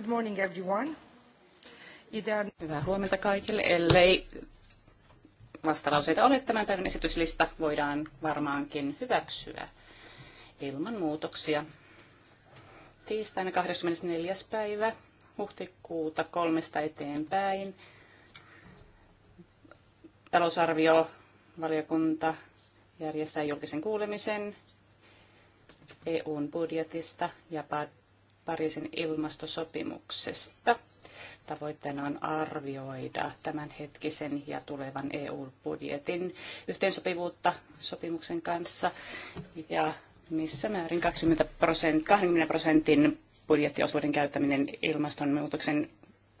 Good morning everyone. Hyvää huomenta kaikille. Ellei vastalauseita ole, tämän päivän esityslista voidaan varmaankin hyväksyä ilman muutoksia. Tiistaina 24. päivä huhtikuuta kolmesta eteenpäin. Talousarvio valiokunta järjestää julkisen kuulemisen EUn budjetista ja Pariisin ilmastosopimuksesta. Tavoitteena on arvioida tämänhetkisen ja tulevan EU-budjetin yhteensopivuutta sopimuksen kanssa ja missä määrin 20 prosentin, 20 prosentin budjettiosuuden käyttäminen ilmastonmuutoksen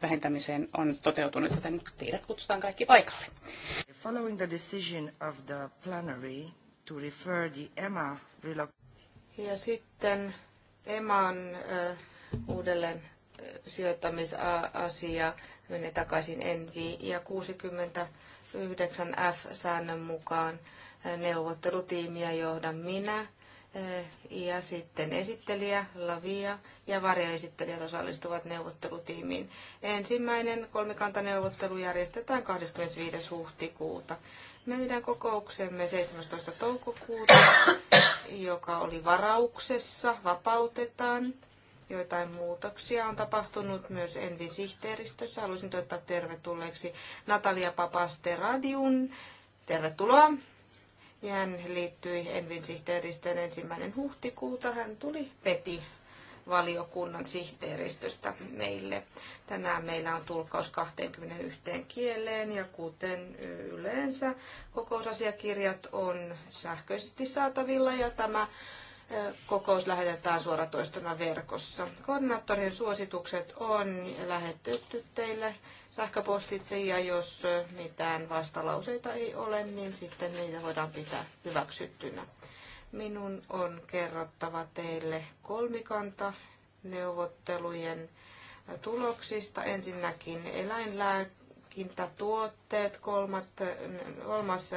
vähentämiseen on toteutunut, joten teidät kutsutaan kaikki paikalle. Following the decision of the plenary to refer the EMA ja sitten EMAn uudelleen sijoittamisasia menee takaisin Envi ja 69 F-säännön mukaan neuvottelutiimiä johdan minä ja sitten esittelijä Lavia ja varjoesittelijät osallistuvat neuvottelutiimiin. Ensimmäinen kolmikantaneuvottelu järjestetään 25. huhtikuuta. Meidän kokouksemme 17. toukokuuta, joka oli varauksessa, vapautetaan. Joitain muutoksia on tapahtunut myös Envin sihteeristössä. Haluaisin toivottaa tervetulleeksi Natalia Papasteradiun. Tervetuloa. Ja hän liittyi Envin sihteeristön ensimmäinen huhtikuuta. Hän tuli Peti valiokunnan sihteeristöstä meille. Tänään meillä on tulkaus 21 kieleen ja kuten yleensä kokousasiakirjat on sähköisesti saatavilla ja tämä Kokous lähetetään suoratoistona verkossa. Koordinaattorin suositukset on lähetetty teille sähköpostitse ja jos mitään vastalauseita ei ole, niin sitten niitä voidaan pitää hyväksyttynä. Minun on kerrottava teille kolmikanta neuvottelujen tuloksista. Ensinnäkin eläinlääkäri hankintatuotteet, kolmat, kolmas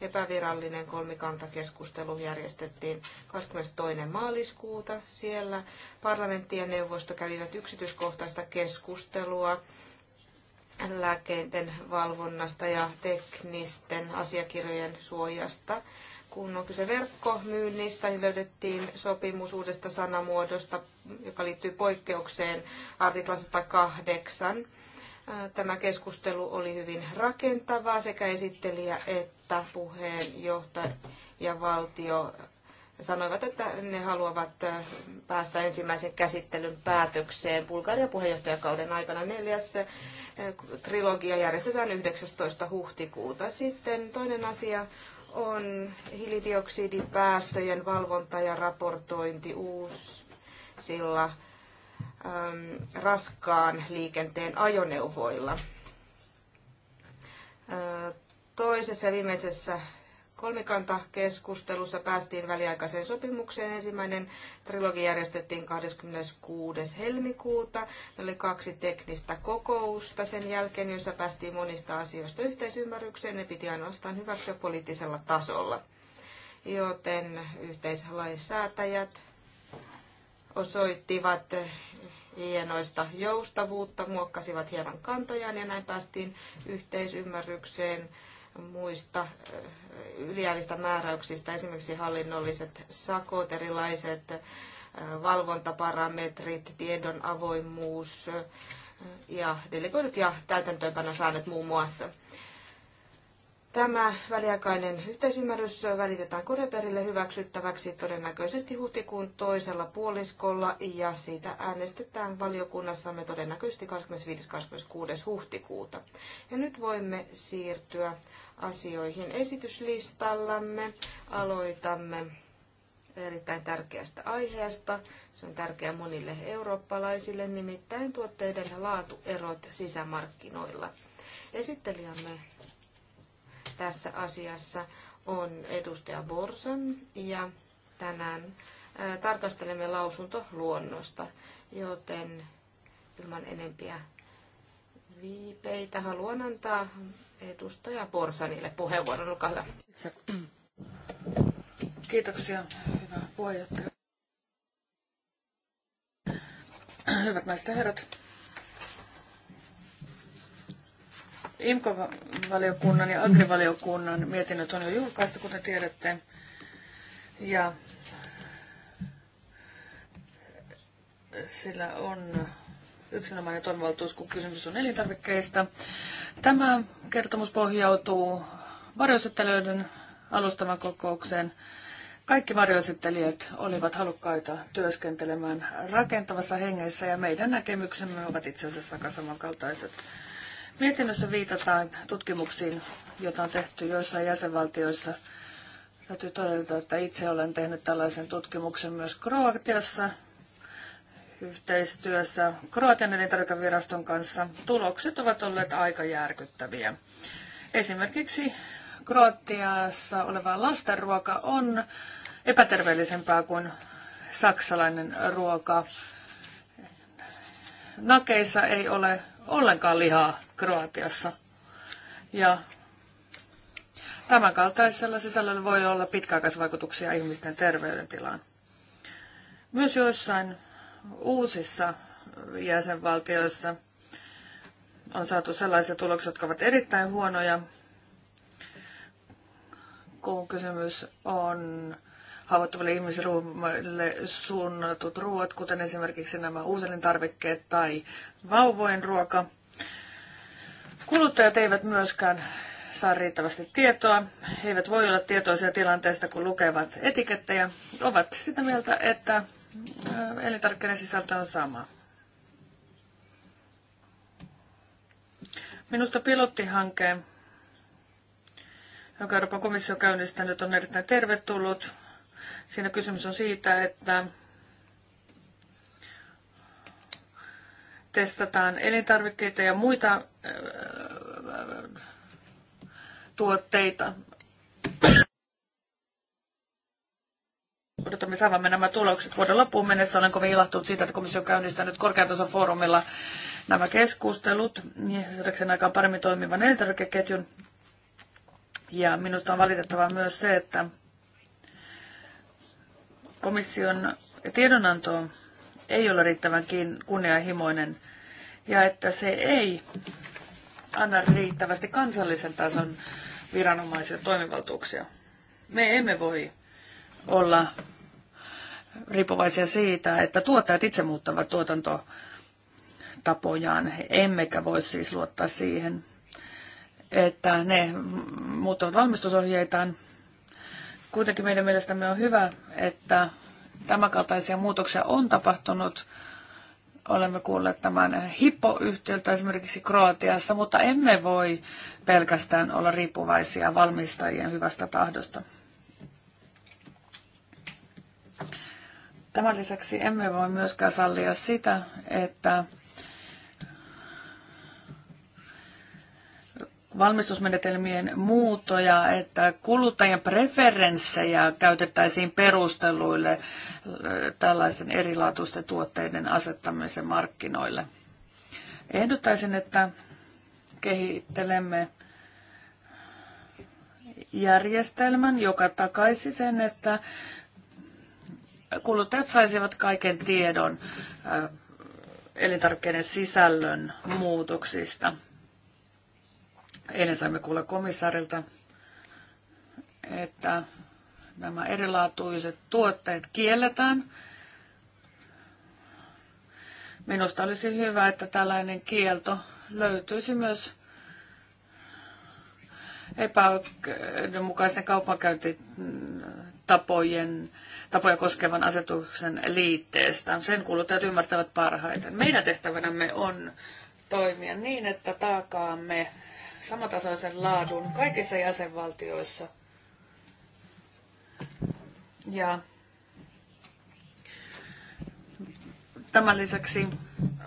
epävirallinen kolmikantakeskustelu järjestettiin 22. maaliskuuta. Siellä parlamentti ja neuvosto kävivät yksityiskohtaista keskustelua lääkeiden valvonnasta ja teknisten asiakirjojen suojasta. Kun on kyse verkkomyynnistä, niin löydettiin sopimus uudesta sanamuodosta, joka liittyy poikkeukseen artiklasta 8 Tämä keskustelu oli hyvin rakentavaa sekä esittelijä että puheenjohtaja ja valtio sanoivat, että ne haluavat päästä ensimmäisen käsittelyn päätökseen Bulgarian puheenjohtajakauden aikana. Neljäs trilogia järjestetään 19. huhtikuuta. Sitten toinen asia on hiilidioksidipäästöjen valvonta ja raportointi uusilla Ähm, raskaan liikenteen ajoneuvoilla. Äh, toisessa ja viimeisessä kolmikantakeskustelussa päästiin väliaikaiseen sopimukseen. Ensimmäinen trilogi järjestettiin 26. helmikuuta. Ne oli kaksi teknistä kokousta sen jälkeen, jossa päästiin monista asioista yhteisymmärrykseen. Ne piti ainoastaan hyväksyä poliittisella tasolla. Joten yhteislainsäätäjät osoittivat hienoista joustavuutta, muokkasivat hieman kantojaan ja näin päästiin yhteisymmärrykseen muista eh, ylijäävistä määräyksistä, esimerkiksi hallinnolliset sakot, erilaiset eh, valvontaparametrit, tiedon avoimuus eh, ja delegoidut ja täytäntöönpanosäännöt muun muassa. Tämä väliaikainen yhteisymmärrys välitetään Koreperille hyväksyttäväksi todennäköisesti huhtikuun toisella puoliskolla ja siitä äänestetään valiokunnassamme todennäköisesti 25-26. huhtikuuta. Ja nyt voimme siirtyä asioihin esityslistallamme. Aloitamme erittäin tärkeästä aiheesta. Se on tärkeä monille eurooppalaisille, nimittäin tuotteiden laatuerot sisämarkkinoilla. Esittelijämme tässä asiassa on edustaja Borsan ja tänään tarkastelemme lausuntoluonnosta, joten ilman enempiä viipeitä haluan antaa edustaja Borsanille puheenvuoron. Olkaa hyvä. Kiitoksia, hyvä puheenjohtaja. Hyvät naiset ja herrat, IMKO-valiokunnan ja AGRI-valiokunnan mietinnöt on jo julkaistu, kuten tiedätte. Ja sillä on yksinomainen toimivaltuus, kun kysymys on elintarvikkeista. Tämä kertomus pohjautuu varjoesittelyiden alustavan kokoukseen. Kaikki varjoesittelijät olivat halukkaita työskentelemään rakentavassa hengessä ja meidän näkemyksemme ovat itse asiassa aika samankaltaiset. Mietinnössä viitataan tutkimuksiin, joita on tehty joissain jäsenvaltioissa. Täytyy todeta, että itse olen tehnyt tällaisen tutkimuksen myös Kroatiassa yhteistyössä Kroatian elintarvikeviraston kanssa. Tulokset ovat olleet aika järkyttäviä. Esimerkiksi Kroatiassa oleva lastenruoka on epäterveellisempää kuin saksalainen ruoka. Nakeissa ei ole ollenkaan lihaa Kroatiassa. Ja tämän kaltaisella sisällöllä voi olla pitkäaikaisvaikutuksia ihmisten terveydentilaan. Myös joissain uusissa jäsenvaltioissa on saatu sellaisia tuloksia, jotka ovat erittäin huonoja, kun kysymys on haavoittuville ihmisryhmille suunnatut ruoat, kuten esimerkiksi nämä tarvikkeet tai vauvojen ruoka. Kuluttajat eivät myöskään saa riittävästi tietoa. He eivät voi olla tietoisia tilanteesta, kun lukevat etikettejä. Ovat sitä mieltä, että elintarvikkeiden sisältö on sama. Minusta pilottihanke, joka Euroopan komissio on käynnistänyt, on erittäin tervetullut. Siinä kysymys on siitä, että testataan elintarvikkeita ja muita äh, tuotteita. Odotamme saavamme nämä tulokset vuoden loppuun mennessä. Olen kovin ilahtunut siitä, että komissio on käynnistänyt korkeatason foorumilla nämä keskustelut saadakseen aikaan paremmin toimivan elintarvikeketjun. Ja minusta on valitettavaa myös se, että komission tiedonanto ei ole riittävän kunnianhimoinen ja että se ei anna riittävästi kansallisen tason viranomaisia toimivaltuuksia. Me emme voi olla riippuvaisia siitä, että tuottajat itse muuttavat tuotantotapojaan, emmekä voi siis luottaa siihen, että ne muuttavat valmistusohjeitaan Kuitenkin meidän mielestämme on hyvä, että tämänkaltaisia muutoksia on tapahtunut. Olemme kuulleet tämän hippo esimerkiksi Kroatiassa, mutta emme voi pelkästään olla riippuvaisia valmistajien hyvästä tahdosta. Tämän lisäksi emme voi myöskään sallia sitä, että valmistusmenetelmien muutoja, että kuluttajien preferenssejä käytettäisiin perusteluille äh, tällaisten erilaatuisten tuotteiden asettamisen markkinoille. Ehdottaisin, että kehittelemme järjestelmän, joka takaisi sen, että kuluttajat saisivat kaiken tiedon äh, elintarvikkeiden sisällön muutoksista – Eilen saimme kuulla komissaarilta, että nämä erilaatuiset tuotteet kielletään. Minusta olisi hyvä, että tällainen kielto löytyisi myös epäoikeudenmukaisten kaupankäyntitapojen tapoja koskevan asetuksen liitteestä. Sen kuluttajat ymmärtävät parhaiten. Meidän tehtävänämme on toimia niin, että takaamme samatasoisen laadun kaikissa jäsenvaltioissa. Ja tämän lisäksi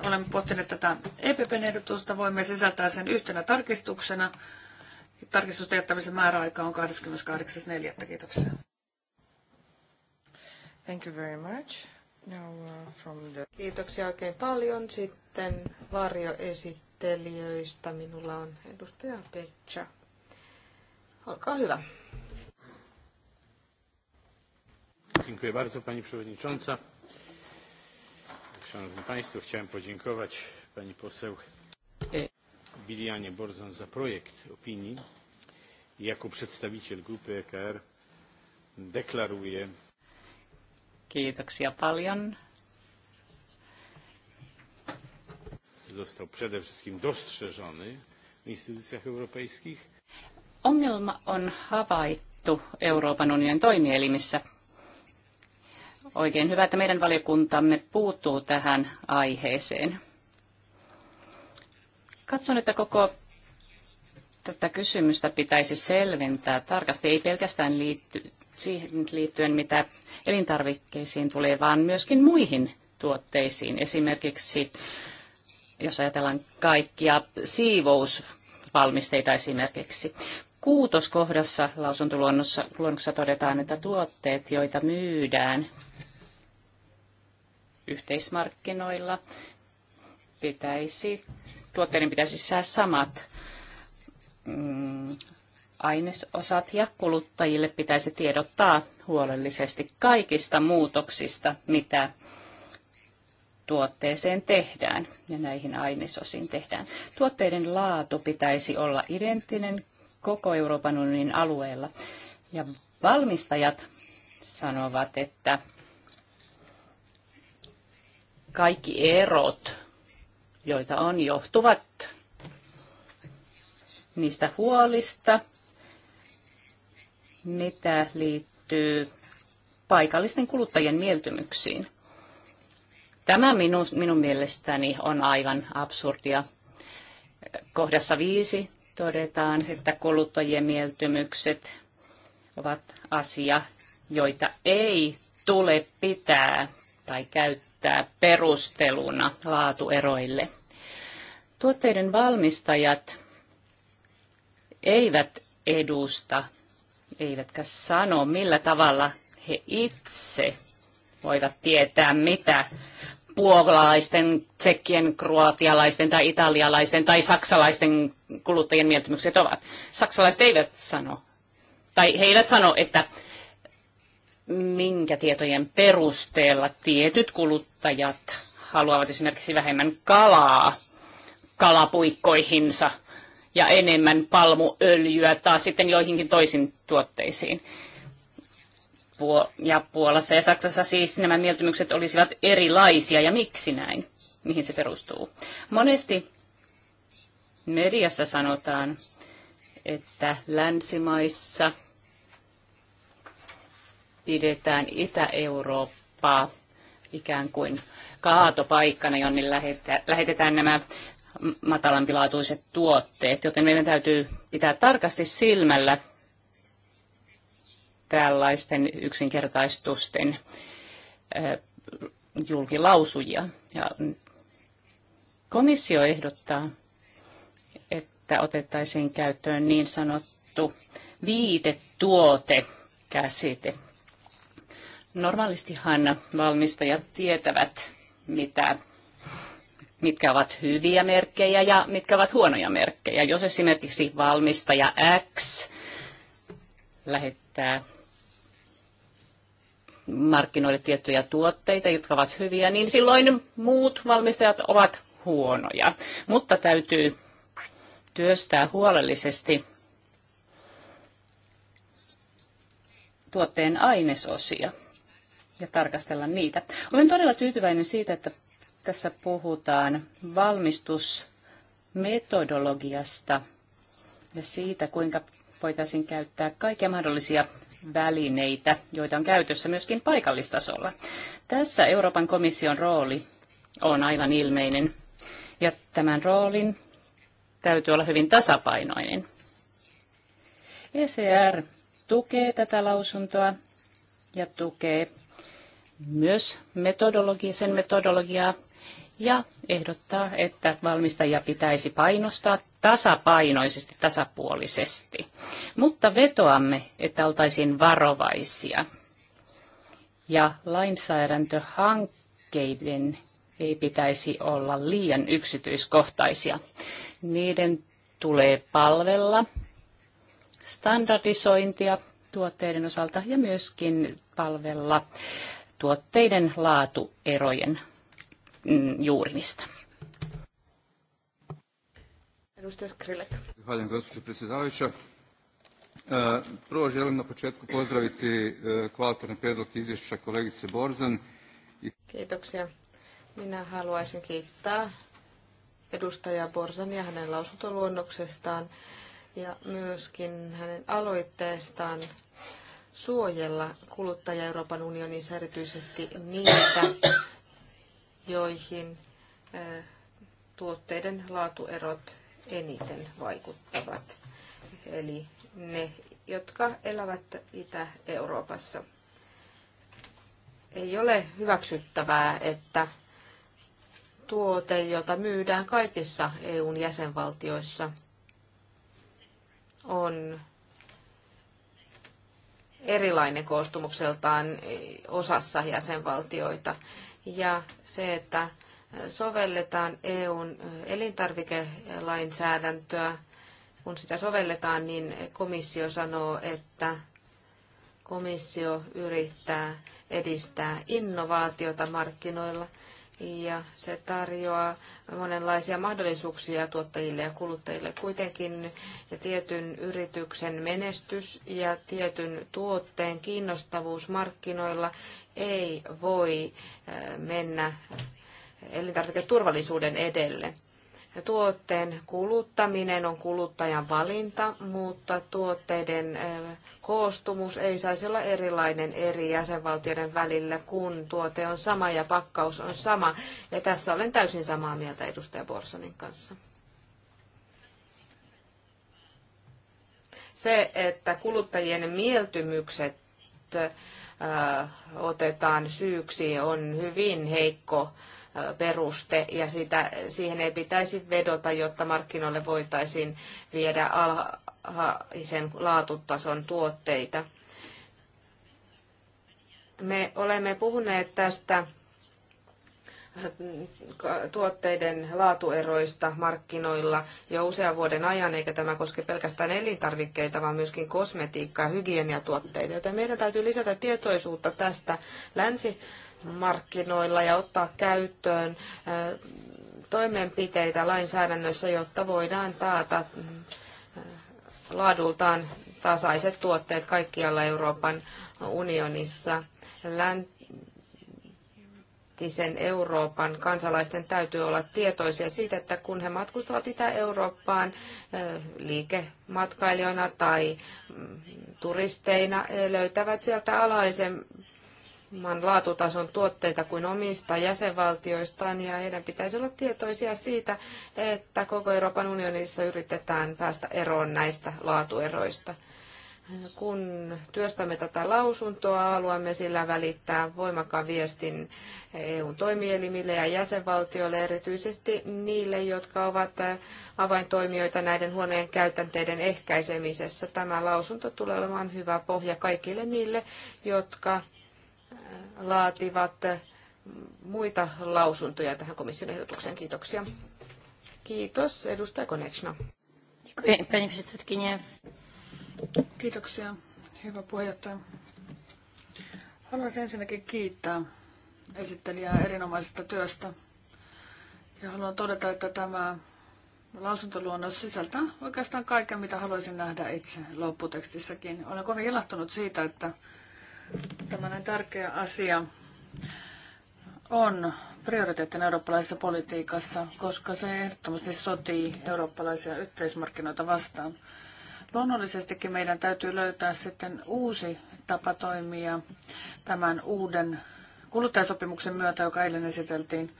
olemme pohtineet tätä EPPn ehdotusta. Voimme sisältää sen yhtenä tarkistuksena. Tarkistusten jättämisen määräaika on 28.4. Kiitoksia. Thank you very much. Now, uh, from the... Kiitoksia oikein paljon. Sitten esittää esittelijöistä minulla on edustaja Petsa. Olkaa hyvä. Dziękuję bardzo Pani Przewodnicząca. Szanowni Państwo, chciałem podziękować Pani Poseł Bilianie Borzan za projekt opinii. Jako przedstawiciel grupy EKR deklaruję Kiitoksia paljon został przede wszystkim dostrzeżony w instytucjach europejskich. Ongelma on havaittu Euroopan unionin toimielimissä. Oikein hyvä, että meidän valiokuntamme puuttuu tähän aiheeseen. Katson, että koko tätä kysymystä pitäisi selventää tarkasti, ei pelkästään liitty, siihen liittyen, mitä elintarvikkeisiin tulee, vaan myöskin muihin tuotteisiin, esimerkiksi jos ajatellaan kaikkia siivousvalmisteita esimerkiksi. Kuutoskohdassa lausuntoluonnossa todetaan, että tuotteet, joita myydään yhteismarkkinoilla, pitäisi, tuotteiden pitäisi saada samat mm, ainesosat ja kuluttajille pitäisi tiedottaa huolellisesti kaikista muutoksista, mitä tuotteeseen tehdään ja näihin ainesosiin tehdään. Tuotteiden laatu pitäisi olla identtinen koko Euroopan unionin alueella. Ja valmistajat sanovat, että kaikki erot, joita on, johtuvat niistä huolista, mitä liittyy paikallisten kuluttajien mieltymyksiin. Tämä minun, minun mielestäni on aivan absurdia. Kohdassa viisi todetaan, että kuluttajien mieltymykset ovat asia, joita ei tule pitää tai käyttää perusteluna laatueroille. Tuotteiden valmistajat eivät edusta, eivätkä sano, millä tavalla he itse voivat tietää, mitä puolalaisten, tsekkien, kroatialaisten tai italialaisten tai saksalaisten kuluttajien mieltymykset ovat. Saksalaiset eivät sano, tai he eivät sano, että minkä tietojen perusteella tietyt kuluttajat haluavat esimerkiksi vähemmän kalaa kalapuikkoihinsa ja enemmän palmuöljyä taas sitten joihinkin toisiin tuotteisiin ja Puolassa ja Saksassa siis nämä mieltymykset olisivat erilaisia ja miksi näin? Mihin se perustuu? Monesti mediassa sanotaan, että länsimaissa pidetään Itä-Eurooppaa ikään kuin kaatopaikkana, jonne lähetetään nämä matalampilaatuiset tuotteet, joten meidän täytyy pitää tarkasti silmällä tällaisten yksinkertaistusten julkilausujia. Ja komissio ehdottaa, että otettaisiin käyttöön niin sanottu viitetuote-käsite. Normaalistihan valmistajat tietävät, mitä, mitkä ovat hyviä merkkejä ja mitkä ovat huonoja merkkejä. Jos esimerkiksi valmistaja X lähettää markkinoille tiettyjä tuotteita, jotka ovat hyviä, niin silloin muut valmistajat ovat huonoja. Mutta täytyy työstää huolellisesti tuotteen ainesosia ja tarkastella niitä. Olen todella tyytyväinen siitä, että tässä puhutaan valmistusmetodologiasta ja siitä, kuinka voitaisiin käyttää kaikkia mahdollisia välineitä, joita on käytössä myöskin paikallistasolla. Tässä Euroopan komission rooli on aivan ilmeinen ja tämän roolin täytyy olla hyvin tasapainoinen. ECR tukee tätä lausuntoa ja tukee myös metodologi, metodologiaa, ja ehdottaa, että valmistajia pitäisi painostaa tasapainoisesti, tasapuolisesti. Mutta vetoamme, että oltaisiin varovaisia. Ja lainsäädäntöhankkeiden ei pitäisi olla liian yksityiskohtaisia. Niiden tulee palvella standardisointia tuotteiden osalta ja myöskin palvella tuotteiden laatuerojen Mm, juurimista. Edustaja Skrilek. Zahvaljujem, gospođo predsjedavajuća. E, prvo želim na početku pozdraviti e, kvalitarni predlog izvješća kolegice Borzan. Kiitoksia. Minä haluaisin kiittää edustaja Borzan ja hänen lausuntoluonnoksestaan ja myöskin hänen aloitteestaan suojella kuluttaja Euroopan unionissa erityisesti niitä joihin tuotteiden laatuerot eniten vaikuttavat, eli ne, jotka elävät Itä-Euroopassa. Ei ole hyväksyttävää, että tuote, jota myydään kaikissa EUn jäsenvaltioissa, on erilainen koostumukseltaan osassa jäsenvaltioita ja se, että sovelletaan EUn elintarvikelainsäädäntöä, kun sitä sovelletaan, niin komissio sanoo, että komissio yrittää edistää innovaatiota markkinoilla ja se tarjoaa monenlaisia mahdollisuuksia tuottajille ja kuluttajille. Kuitenkin ja tietyn yrityksen menestys ja tietyn tuotteen kiinnostavuus markkinoilla ei voi mennä elintarviketurvallisuuden edelle. Tuotteen kuluttaminen on kuluttajan valinta, mutta tuotteiden koostumus ei saisi olla erilainen eri jäsenvaltioiden välillä, kun tuote on sama ja pakkaus on sama. Ja tässä olen täysin samaa mieltä edustaja Borsonin kanssa. Se, että kuluttajien mieltymykset Äh, otetaan syyksi, on hyvin heikko äh, peruste ja sitä, siihen ei pitäisi vedota, jotta markkinoille voitaisiin viedä alhaisen laatutason tuotteita. Me olemme puhuneet tästä tuotteiden laatueroista markkinoilla jo usean vuoden ajan, eikä tämä koske pelkästään elintarvikkeita, vaan myöskin kosmetiikkaa, hygieniatuotteita. Joten meidän täytyy lisätä tietoisuutta tästä länsimarkkinoilla ja ottaa käyttöön toimenpiteitä lainsäädännössä, jotta voidaan taata laadultaan tasaiset tuotteet kaikkialla Euroopan unionissa. Länsi läntisen Euroopan kansalaisten täytyy olla tietoisia siitä, että kun he matkustavat Itä-Eurooppaan liikematkailijoina tai mm, turisteina, he löytävät sieltä alaisen laatutason tuotteita kuin omista jäsenvaltioistaan ja heidän pitäisi olla tietoisia siitä, että koko Euroopan unionissa yritetään päästä eroon näistä laatueroista kun työstämme tätä lausuntoa, haluamme sillä välittää voimakkaan viestin EUn toimielimille ja jäsenvaltioille, erityisesti niille, jotka ovat avaintoimijoita näiden huoneen käytänteiden ehkäisemisessä. Tämä lausunto tulee olemaan hyvä pohja kaikille niille, jotka äh, laativat äh, muita lausuntoja tähän komission ehdotukseen. Kiitoksia. Kiitos. Edustaja Konechna. Pani Kiitoksia, hyvä puheenjohtaja. Haluaisin ensinnäkin kiittää esittelijää erinomaisesta työstä. Ja haluan todeta, että tämä lausuntoluonnos sisältää oikeastaan kaiken, mitä haluaisin nähdä itse lopputekstissäkin. Olen kovin ilahtunut siitä, että tämä näin tärkeä asia on prioriteettina eurooppalaisessa politiikassa, koska se ehdottomasti sotii eurooppalaisia yhteismarkkinoita vastaan. Luonnollisestikin meidän täytyy löytää sitten uusi tapa toimia tämän uuden kuluttajasopimuksen myötä, joka eilen esiteltiin.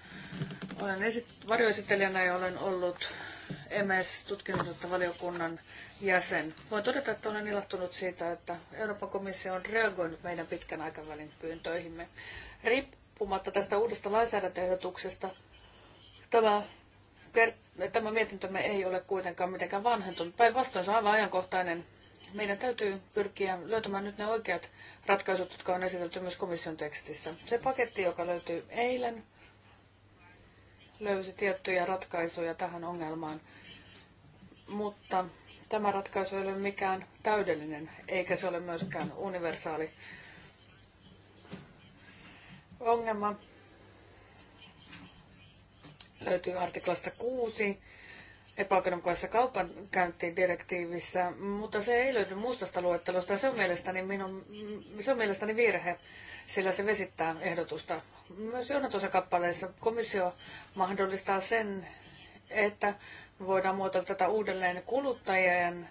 Olen esit- varjoesittelijänä ja olen ollut e MS-tutkimusvaliokunnan jäsen. Voin todeta, että olen ilahtunut siitä, että Euroopan komissio on reagoinut meidän pitkän aikavälin pyyntöihimme. Riippumatta tästä uudesta lainsäädäntöehdotuksesta, tämä tämä mietintömme ei ole kuitenkaan mitenkään vanhentunut. Päinvastoin se on aivan ajankohtainen. Meidän täytyy pyrkiä löytämään nyt ne oikeat ratkaisut, jotka on esitelty myös komission tekstissä. Se paketti, joka löytyy eilen, löysi tiettyjä ratkaisuja tähän ongelmaan, mutta tämä ratkaisu ei ole mikään täydellinen, eikä se ole myöskään universaali ongelma löytyy artiklasta 6 epäoikeudenmukaisessa kaupankäyntidirektiivissä, direktiivissä, mutta se ei löydy mustasta luettelosta. Se on mielestäni, minun, se on mielestäni virhe, sillä se vesittää ehdotusta. Myös kappaleessa komissio mahdollistaa sen, että voidaan muotoilla tätä uudelleen kuluttajien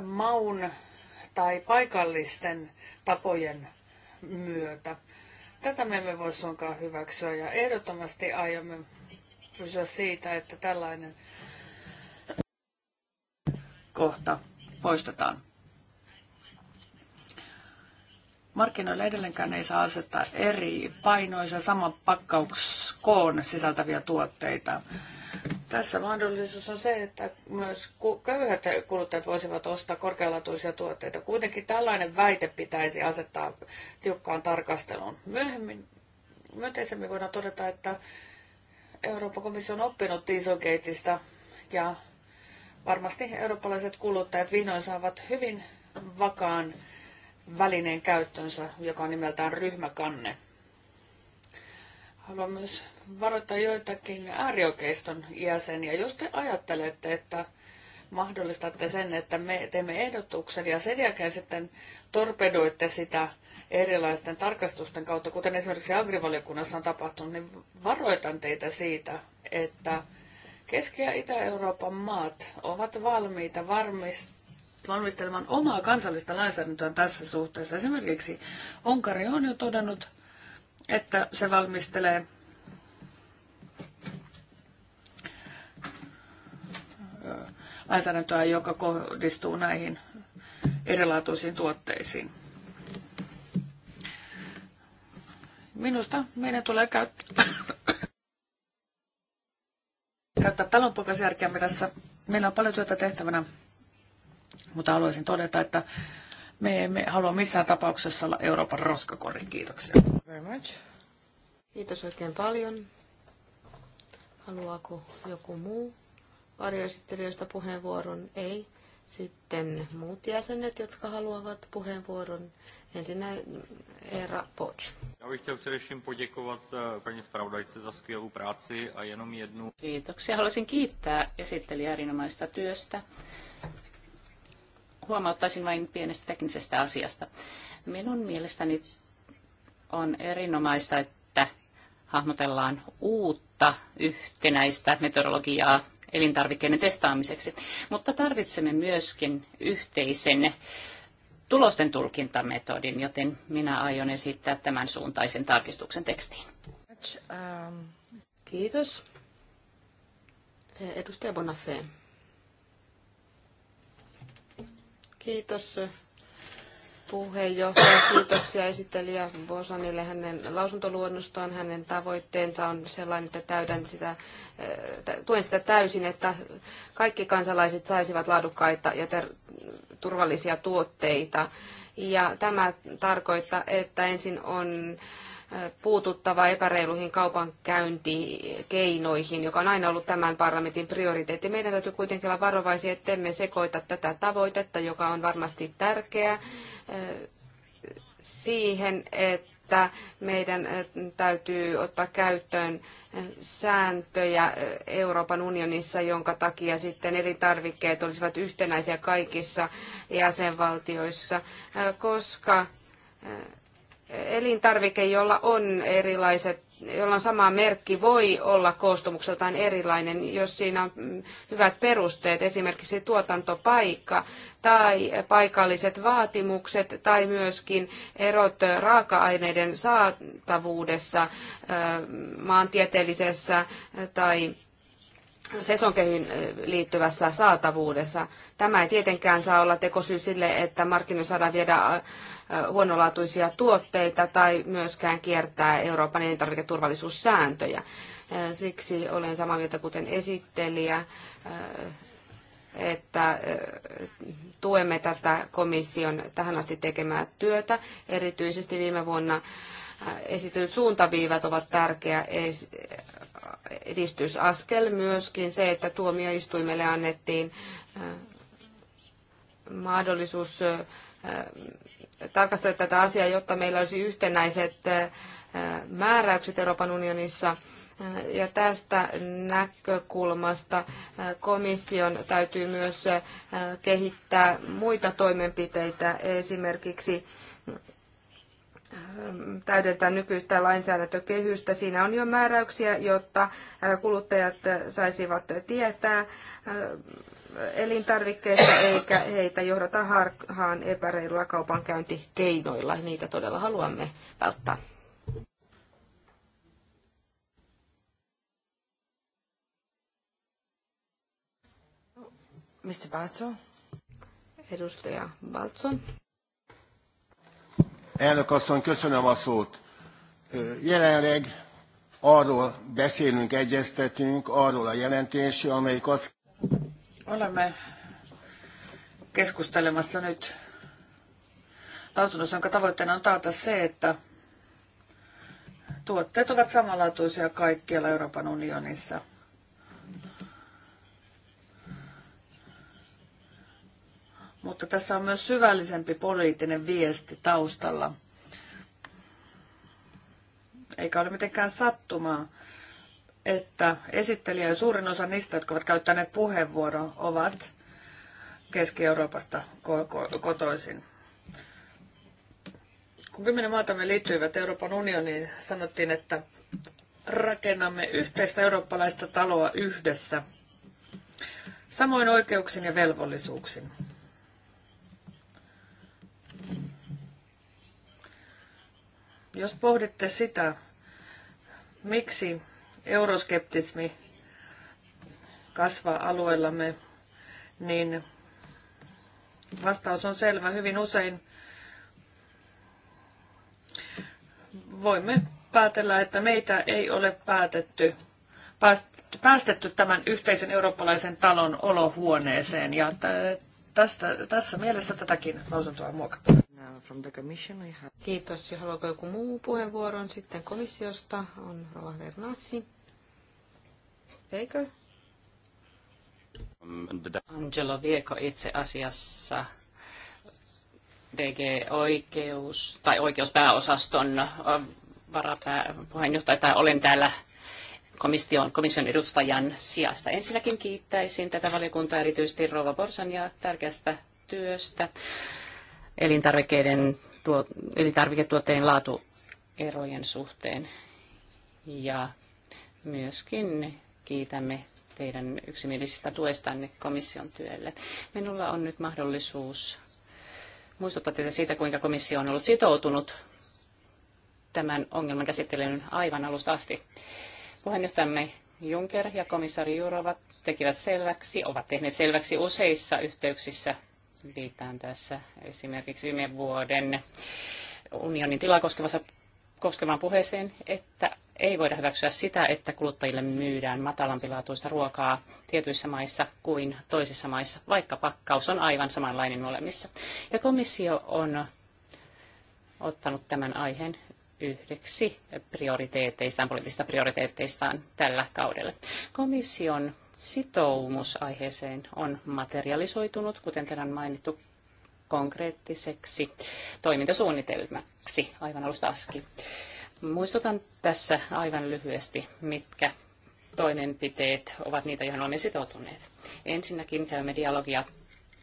maun tai paikallisten tapojen myötä. Tätä me emme voi suinkaan hyväksyä ja ehdottomasti aiomme kysymyksessä siitä, että tällainen kohta poistetaan. Markkinoille edelleenkään ei saa asettaa eri painoisia saman pakkauskoon sisältäviä tuotteita. Tässä mahdollisuus on se, että myös köyhät kuluttajat voisivat ostaa korkealaatuisia tuotteita. Kuitenkin tällainen väite pitäisi asettaa tiukkaan tarkasteluun. Myöhemmin myönteisemmin voidaan todeta, että Euroopan komissio on oppinut Dieselgateista ja varmasti eurooppalaiset kuluttajat vihdoin saavat hyvin vakaan välineen käyttönsä, joka on nimeltään ryhmäkanne. Haluan myös varoittaa joitakin äärioikeiston jäseniä. Jos te ajattelette, että mahdollistatte sen, että me teemme ehdotuksen ja sen jälkeen sitten torpedoitte sitä erilaisten tarkastusten kautta, kuten esimerkiksi agrivaliokunnassa on tapahtunut, niin varoitan teitä siitä, että Keski- ja Itä-Euroopan maat ovat valmiita valmistelemaan omaa kansallista lainsäädäntöä tässä suhteessa. Esimerkiksi Unkari on jo todennut, että se valmistelee lainsäädäntöä, joka kohdistuu näihin erilaatuisiin tuotteisiin. Minusta meidän tulee käyttää, käyttää tässä. Meillä on paljon työtä tehtävänä, mutta haluaisin todeta, että me emme halua missään tapauksessa olla Euroopan roskakori. Kiitoksia. Very much. Kiitos oikein paljon. Haluaako joku muu varjoesittelijöistä puheenvuoron? Ei. Sitten muut jäsenet, jotka haluavat puheenvuoron. Ensinnä eh, Eera Poch. Ja bych chtěl především poděkovat eh, paní zpravodajce za skvělou práci a jenom jednu. Kiitoksia. Haluaisin kiittää esittelijä erinomaista työstä. Huomauttaisin vain pienestä teknisestä asiasta. Minun mielestäni on erinomaista, että hahmotellaan uutta yhtenäistä meteorologiaa elintarvikkeiden testaamiseksi, mutta tarvitsemme myöskin yhteisen tulosten tulkintametodin, joten minä aion esittää tämän suuntaisen tarkistuksen tekstiin. Kiitos. Edustaja Bonafé. Kiitos puheenjohtaja. Kiitoksia esittelijä Bosanille hänen lausuntoluonnostaan. Hänen tavoitteensa on sellainen, että täydän sitä, eh, tuen sitä täysin, että kaikki kansalaiset saisivat laadukkaita ja ter- turvallisia tuotteita. Ja tämä tarkoittaa, että ensin on eh, puututtava epäreiluihin kaupankäyntikeinoihin, joka on aina ollut tämän parlamentin prioriteetti. Meidän täytyy kuitenkin olla varovaisia, emme sekoita tätä tavoitetta, joka on varmasti tärkeä siihen, että meidän äh, täytyy ottaa käyttöön sääntöjä äh, Euroopan unionissa, jonka takia sitten elintarvikkeet olisivat yhtenäisiä kaikissa jäsenvaltioissa, äh, koska elintarvike, jolla on erilaiset jolla on sama merkki, voi olla koostumukseltaan erilainen, jos siinä on mm, hyvät perusteet, esimerkiksi tuotantopaikka tai paikalliset vaatimukset tai myöskin erot raaka-aineiden saatavuudessa maantieteellisessä tai sesonkeihin liittyvässä saatavuudessa. Tämä ei tietenkään saa olla tekosyy sille, että markkinoilla saadaan viedä huonolaatuisia tuotteita tai myöskään kiertää Euroopan elintarviketurvallisuussääntöjä. Siksi olen samaa mieltä kuten esittelijä, että tuemme tätä komission tähän asti tekemää työtä. Erityisesti viime vuonna esitetyt suuntaviivat ovat tärkeä edistysaskel. Myöskin se, että tuomioistuimelle annettiin mahdollisuus tarkastella tätä asiaa, jotta meillä olisi yhtenäiset määräykset Euroopan unionissa. Ja tästä näkökulmasta komission täytyy myös kehittää muita toimenpiteitä, esimerkiksi täydentää nykyistä lainsäädäntökehystä. Siinä on jo määräyksiä, jotta kuluttajat saisivat tietää elintarvikkeista eikä heitä johdata harhaan epäreilulla kaupankäyntikeinoilla. Niitä todella haluamme välttää. Mr. Balzo. Edustaja Balzo. Elnök asszony, köszönöm a szót. Jelenleg arról beszélünk, egyeztetünk, arról a jelentésről, amelyik azt Olemme keskustelemassa nyt lausunnossa, jonka tavoitteena on taata se, että tuotteet ovat samanlaatuisia kaikkialla Euroopan unionissa. Mutta tässä on myös syvällisempi poliittinen viesti taustalla. Eikä ole mitenkään sattumaa, että esittelijä ja suurin osa niistä, jotka ovat käyttäneet puheenvuoron, ovat Keski-Euroopasta kotoisin. Kun kymmenen maatamme liittyivät Euroopan unioniin, sanottiin, että rakennamme yhteistä eurooppalaista taloa yhdessä, samoin oikeuksin ja velvollisuuksin. Jos pohditte sitä, miksi euroskeptismi kasvaa alueellamme, niin vastaus on selvä. Hyvin usein voimme päätellä, että meitä ei ole päätetty, päästetty tämän yhteisen eurooppalaisen talon olohuoneeseen. Ja tästä, tässä mielessä tätäkin lausuntoa muokataan. Uh, from the commission we have... Kiitos. Ja haluaako joku muu puheenvuoron sitten komissiosta? On Rova Vernassi. Eikö? Um, Angelo Vieko itse asiassa DG-oikeus tai oikeuspääosaston uh, varapuheenjohtaja tai olen täällä komission, komission edustajan sijasta. Ensinnäkin kiittäisin tätä valiokuntaa erityisesti Rova Borsan ja tärkeästä työstä elintarvikkeiden, tuo, elintarviketuotteiden laatuerojen suhteen. Ja myöskin kiitämme teidän yksimielisistä tuestanne komission työlle. Minulla on nyt mahdollisuus muistuttaa teitä siitä, kuinka komissio on ollut sitoutunut tämän ongelman käsittelyyn aivan alusta asti. Puheenjohtajamme Juncker ja komissaari Jurova tekivät selväksi, ovat tehneet selväksi useissa yhteyksissä Viittaan tässä esimerkiksi viime vuoden unionin tilaa koskevassa, koskevaan puheeseen, että ei voida hyväksyä sitä, että kuluttajille myydään matalampilaatuista ruokaa tietyissä maissa kuin toisissa maissa, vaikka pakkaus on aivan samanlainen molemmissa. Ja komissio on ottanut tämän aiheen yhdeksi prioriteeteistaan, poliittisista prioriteetteistaan tällä kaudella. Komission sitoumus aiheeseen on materialisoitunut, kuten teidän mainittu, konkreettiseksi toimintasuunnitelmaksi aivan alusta aski. Muistutan tässä aivan lyhyesti, mitkä toimenpiteet ovat niitä, joihin olemme sitoutuneet. Ensinnäkin käymme dialogia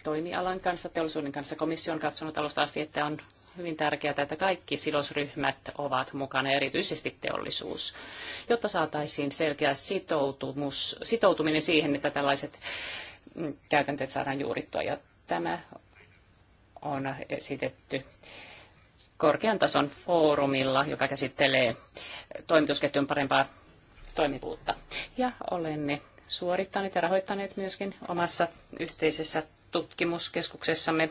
toimialan kanssa, teollisuuden kanssa. Komissio on katsonut alusta asti, että on hyvin tärkeää, että kaikki sidosryhmät ovat mukana, erityisesti teollisuus, jotta saataisiin selkeä sitoutumus, sitoutuminen siihen, että tällaiset mm, käytänteet saadaan juurittua. Ja tämä on esitetty korkean tason foorumilla, joka käsittelee toimitusketjun parempaa toimivuutta. Ja olemme suorittaneet ja rahoittaneet myöskin omassa yhteisessä tutkimuskeskuksessamme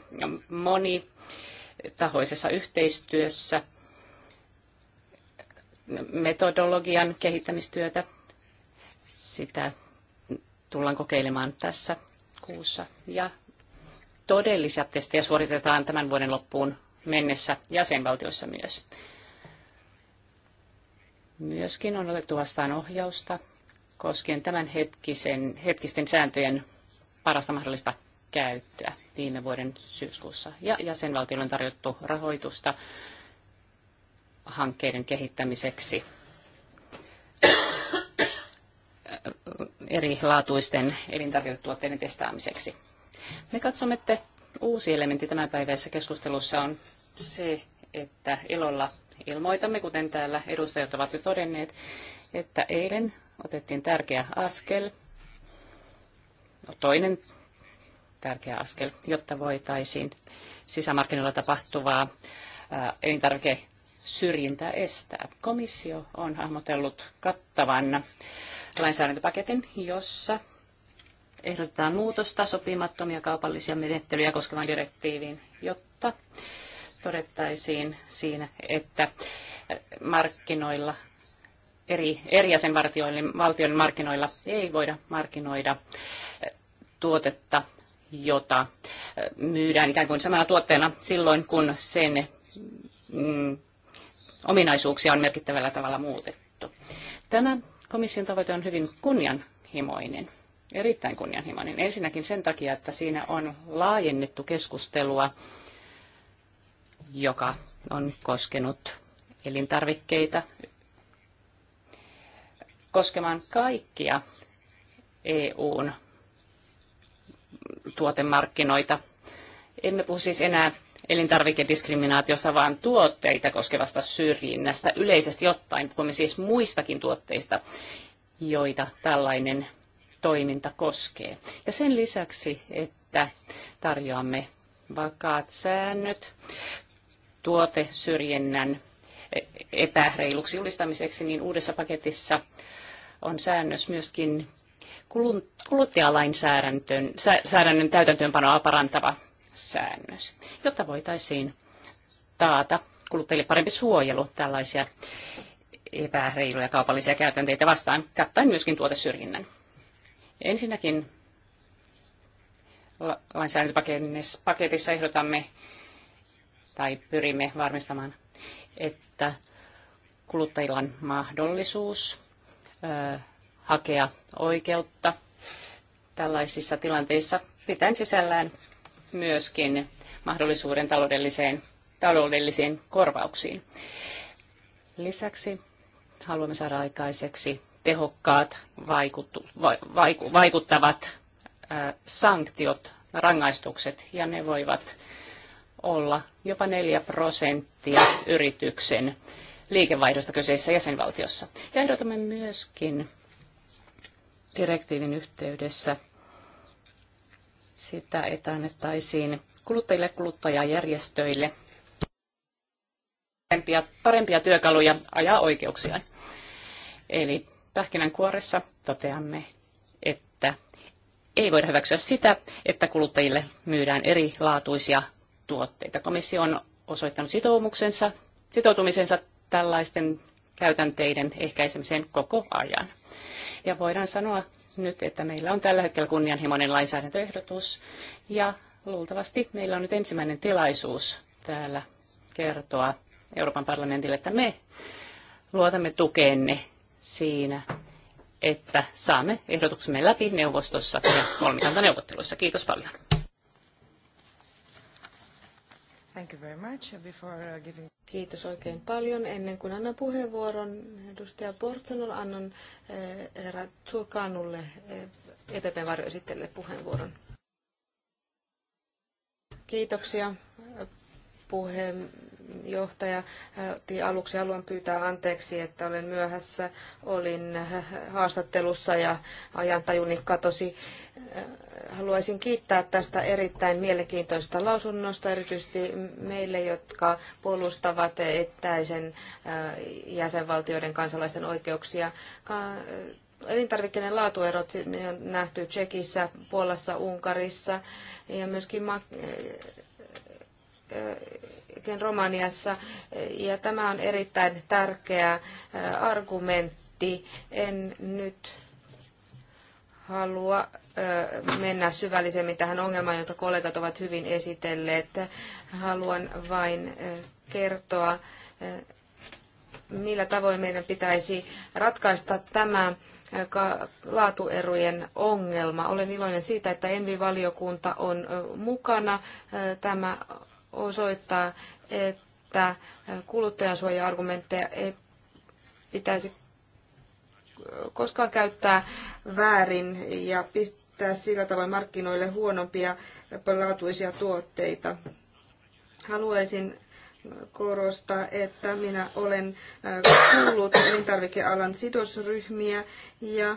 moni tahoisessa yhteistyössä metodologian kehittämistyötä. Sitä tullaan kokeilemaan tässä kuussa. Ja todellisia testejä suoritetaan tämän vuoden loppuun mennessä jäsenvaltioissa myös. Myöskin on otettu vastaan ohjausta koskien tämän hetkisen, hetkisten sääntöjen parasta mahdollista käyttöä viime vuoden syyskuussa. Ja jäsenvaltioille on tarjottu rahoitusta hankkeiden kehittämiseksi erilaatuisten elintarviketuotteiden testaamiseksi. Me katsomme, että uusi elementti tämän päivässä keskustelussa on se, että ilolla ilmoitamme, kuten täällä edustajat ovat jo todenneet, että eilen otettiin tärkeä askel, no, toinen tärkeä askel, jotta voitaisiin sisämarkkinoilla tapahtuvaa elintarvikesyrjintää estää. Komissio on hahmotellut kattavan lainsäädäntöpaketin, jossa ehdotetaan muutosta sopimattomia kaupallisia menettelyjä koskevaan direktiiviin, jotta todettaisiin siinä, että markkinoilla eri, eri jäsenvaltioiden markkinoilla ei voida markkinoida tuotetta jota äh, myydään ikään kuin samana tuotteena silloin, kun sen mm, ominaisuuksia on merkittävällä tavalla muutettu. Tämä komission tavoite on hyvin kunnianhimoinen, erittäin kunnianhimoinen. Ensinnäkin sen takia, että siinä on laajennettu keskustelua, joka on koskenut elintarvikkeita koskemaan kaikkia EUn tuotemarkkinoita. Emme puhu siis enää elintarvikediskriminaatiosta, vaan tuotteita koskevasta syrjinnästä yleisesti ottaen. Puhumme siis muistakin tuotteista, joita tällainen toiminta koskee. Ja sen lisäksi, että tarjoamme vakaat säännöt tuotesyrjinnän epäreiluksi julistamiseksi, niin uudessa paketissa on säännös myöskin kuluttajalainsäädännön täytäntöönpanoa parantava säännös, jotta voitaisiin taata kuluttajille parempi suojelu tällaisia epäreiluja kaupallisia käytänteitä vastaan, kattaen myöskin tuotesyrjinnän. Ensinnäkin lainsäädäntöpaketissa ehdotamme tai pyrimme varmistamaan, että kuluttajilla on mahdollisuus hakea oikeutta tällaisissa tilanteissa pitäen sisällään myöskin mahdollisuuden taloudelliseen, taloudellisiin korvauksiin. Lisäksi haluamme saada aikaiseksi tehokkaat, vaikuttu, vaiku, vaikuttavat sanktiot, rangaistukset, ja ne voivat olla jopa 4 prosenttia yrityksen liikevaihdosta kyseisessä jäsenvaltiossa. Ja ehdotamme myöskin direktiivin yhteydessä sitä, että annettaisiin kuluttajille kuluttajajärjestöille parempia, parempia työkaluja ajaa oikeuksiaan. Eli pähkinänkuoressa toteamme, että ei voida hyväksyä sitä, että kuluttajille myydään erilaatuisia tuotteita. Komissio on osoittanut sitoumuksensa, sitoutumisensa tällaisten käytänteiden ehkäisemiseen koko ajan. Ja voidaan sanoa nyt, että meillä on tällä hetkellä kunnianhimoinen lainsäädäntöehdotus ja luultavasti meillä on nyt ensimmäinen tilaisuus täällä kertoa Euroopan parlamentille, että me luotamme tukeenne siinä, että saamme ehdotuksemme läpi neuvostossa ja kolmikantaneuvotteluissa. Kiitos paljon. Thank you very much. Before uh, giving... Kiitos oikein paljon. Ennen kuin annan puheenvuoron edustaja Bortonolle, annan eh, herra Tsukanulle EPPn eh, e varjoesittelijälle puheenvuoron. Kiitoksia eh, puheenjohtaja. Aluksi haluan pyytää anteeksi, että olen myöhässä. Olin haastattelussa ja ajantajuni katosi haluaisin kiittää tästä erittäin mielenkiintoista lausunnosta, erityisesti meille, jotka puolustavat etäisen jäsenvaltioiden kansalaisten oikeuksia. Elintarvikkeiden laatuerot on nähty Tsekissä, Puolassa, Unkarissa ja myöskin Romaniassa. Ja tämä on erittäin tärkeä argumentti. En nyt halua mennä syvällisemmin tähän ongelmaan, jota kollegat ovat hyvin esitelleet. Haluan vain kertoa, millä tavoin meidän pitäisi ratkaista tämä laatuerojen ongelma. Olen iloinen siitä, että Envi-valiokunta on mukana. Tämä osoittaa, että kuluttajansuoja-argumentteja ei pitäisi koskaan käyttää väärin ja pist- jättää sillä tavoin markkinoille huonompia laatuisia tuotteita. Haluaisin korostaa, että minä olen äh, kuullut elintarvikealan sidosryhmiä ja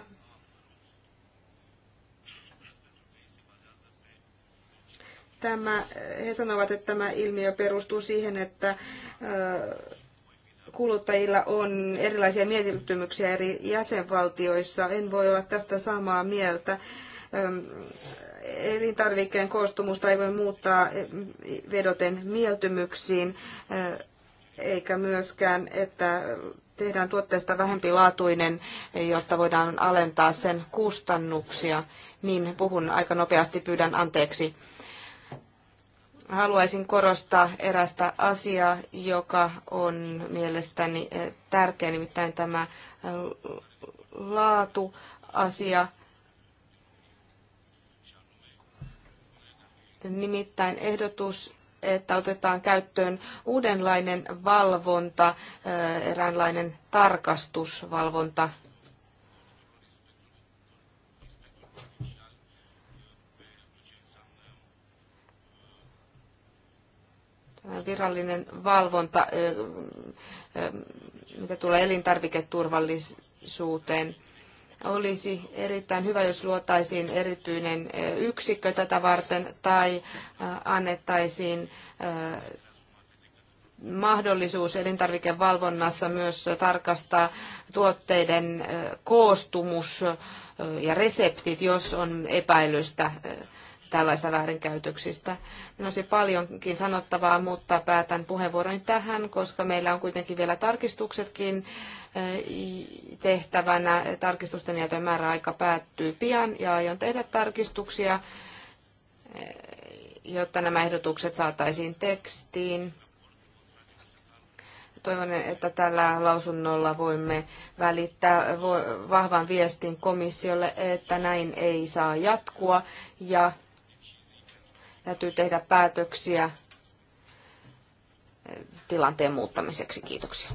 tämä, he sanovat, että tämä ilmiö perustuu siihen, että äh, kuluttajilla on erilaisia mieltymyksiä eri jäsenvaltioissa. En voi olla tästä samaa mieltä elintarvikkeen koostumusta ei voi muuttaa vedoten mieltymyksiin, eikä myöskään, että tehdään tuotteesta vähempi laatuinen, jotta voidaan alentaa sen kustannuksia. Niin puhun aika nopeasti, pyydän anteeksi. Haluaisin korostaa erästä asiaa, joka on mielestäni tärkeä, nimittäin tämä laatuasia nimittäin ehdotus, että otetaan käyttöön uudenlainen valvonta, eräänlainen tarkastusvalvonta. Virallinen valvonta, mitä tulee elintarviketurvallisuuteen. Olisi erittäin hyvä, jos luotaisiin erityinen yksikkö tätä varten tai annettaisiin mahdollisuus elintarvikevalvonnassa myös tarkastaa tuotteiden koostumus ja reseptit, jos on epäilystä tällaista väärinkäytöksistä. Minä olisi paljonkin sanottavaa, mutta päätän puheenvuoroni tähän, koska meillä on kuitenkin vielä tarkistuksetkin tehtävänä. Tarkistusten jätön määräaika päättyy pian ja aion tehdä tarkistuksia, jotta nämä ehdotukset saataisiin tekstiin. Toivon, että tällä lausunnolla voimme välittää vahvan viestin komissiolle, että näin ei saa jatkua ja täytyy tehdä päätöksiä tilanteen muuttamiseksi. Kiitoksia.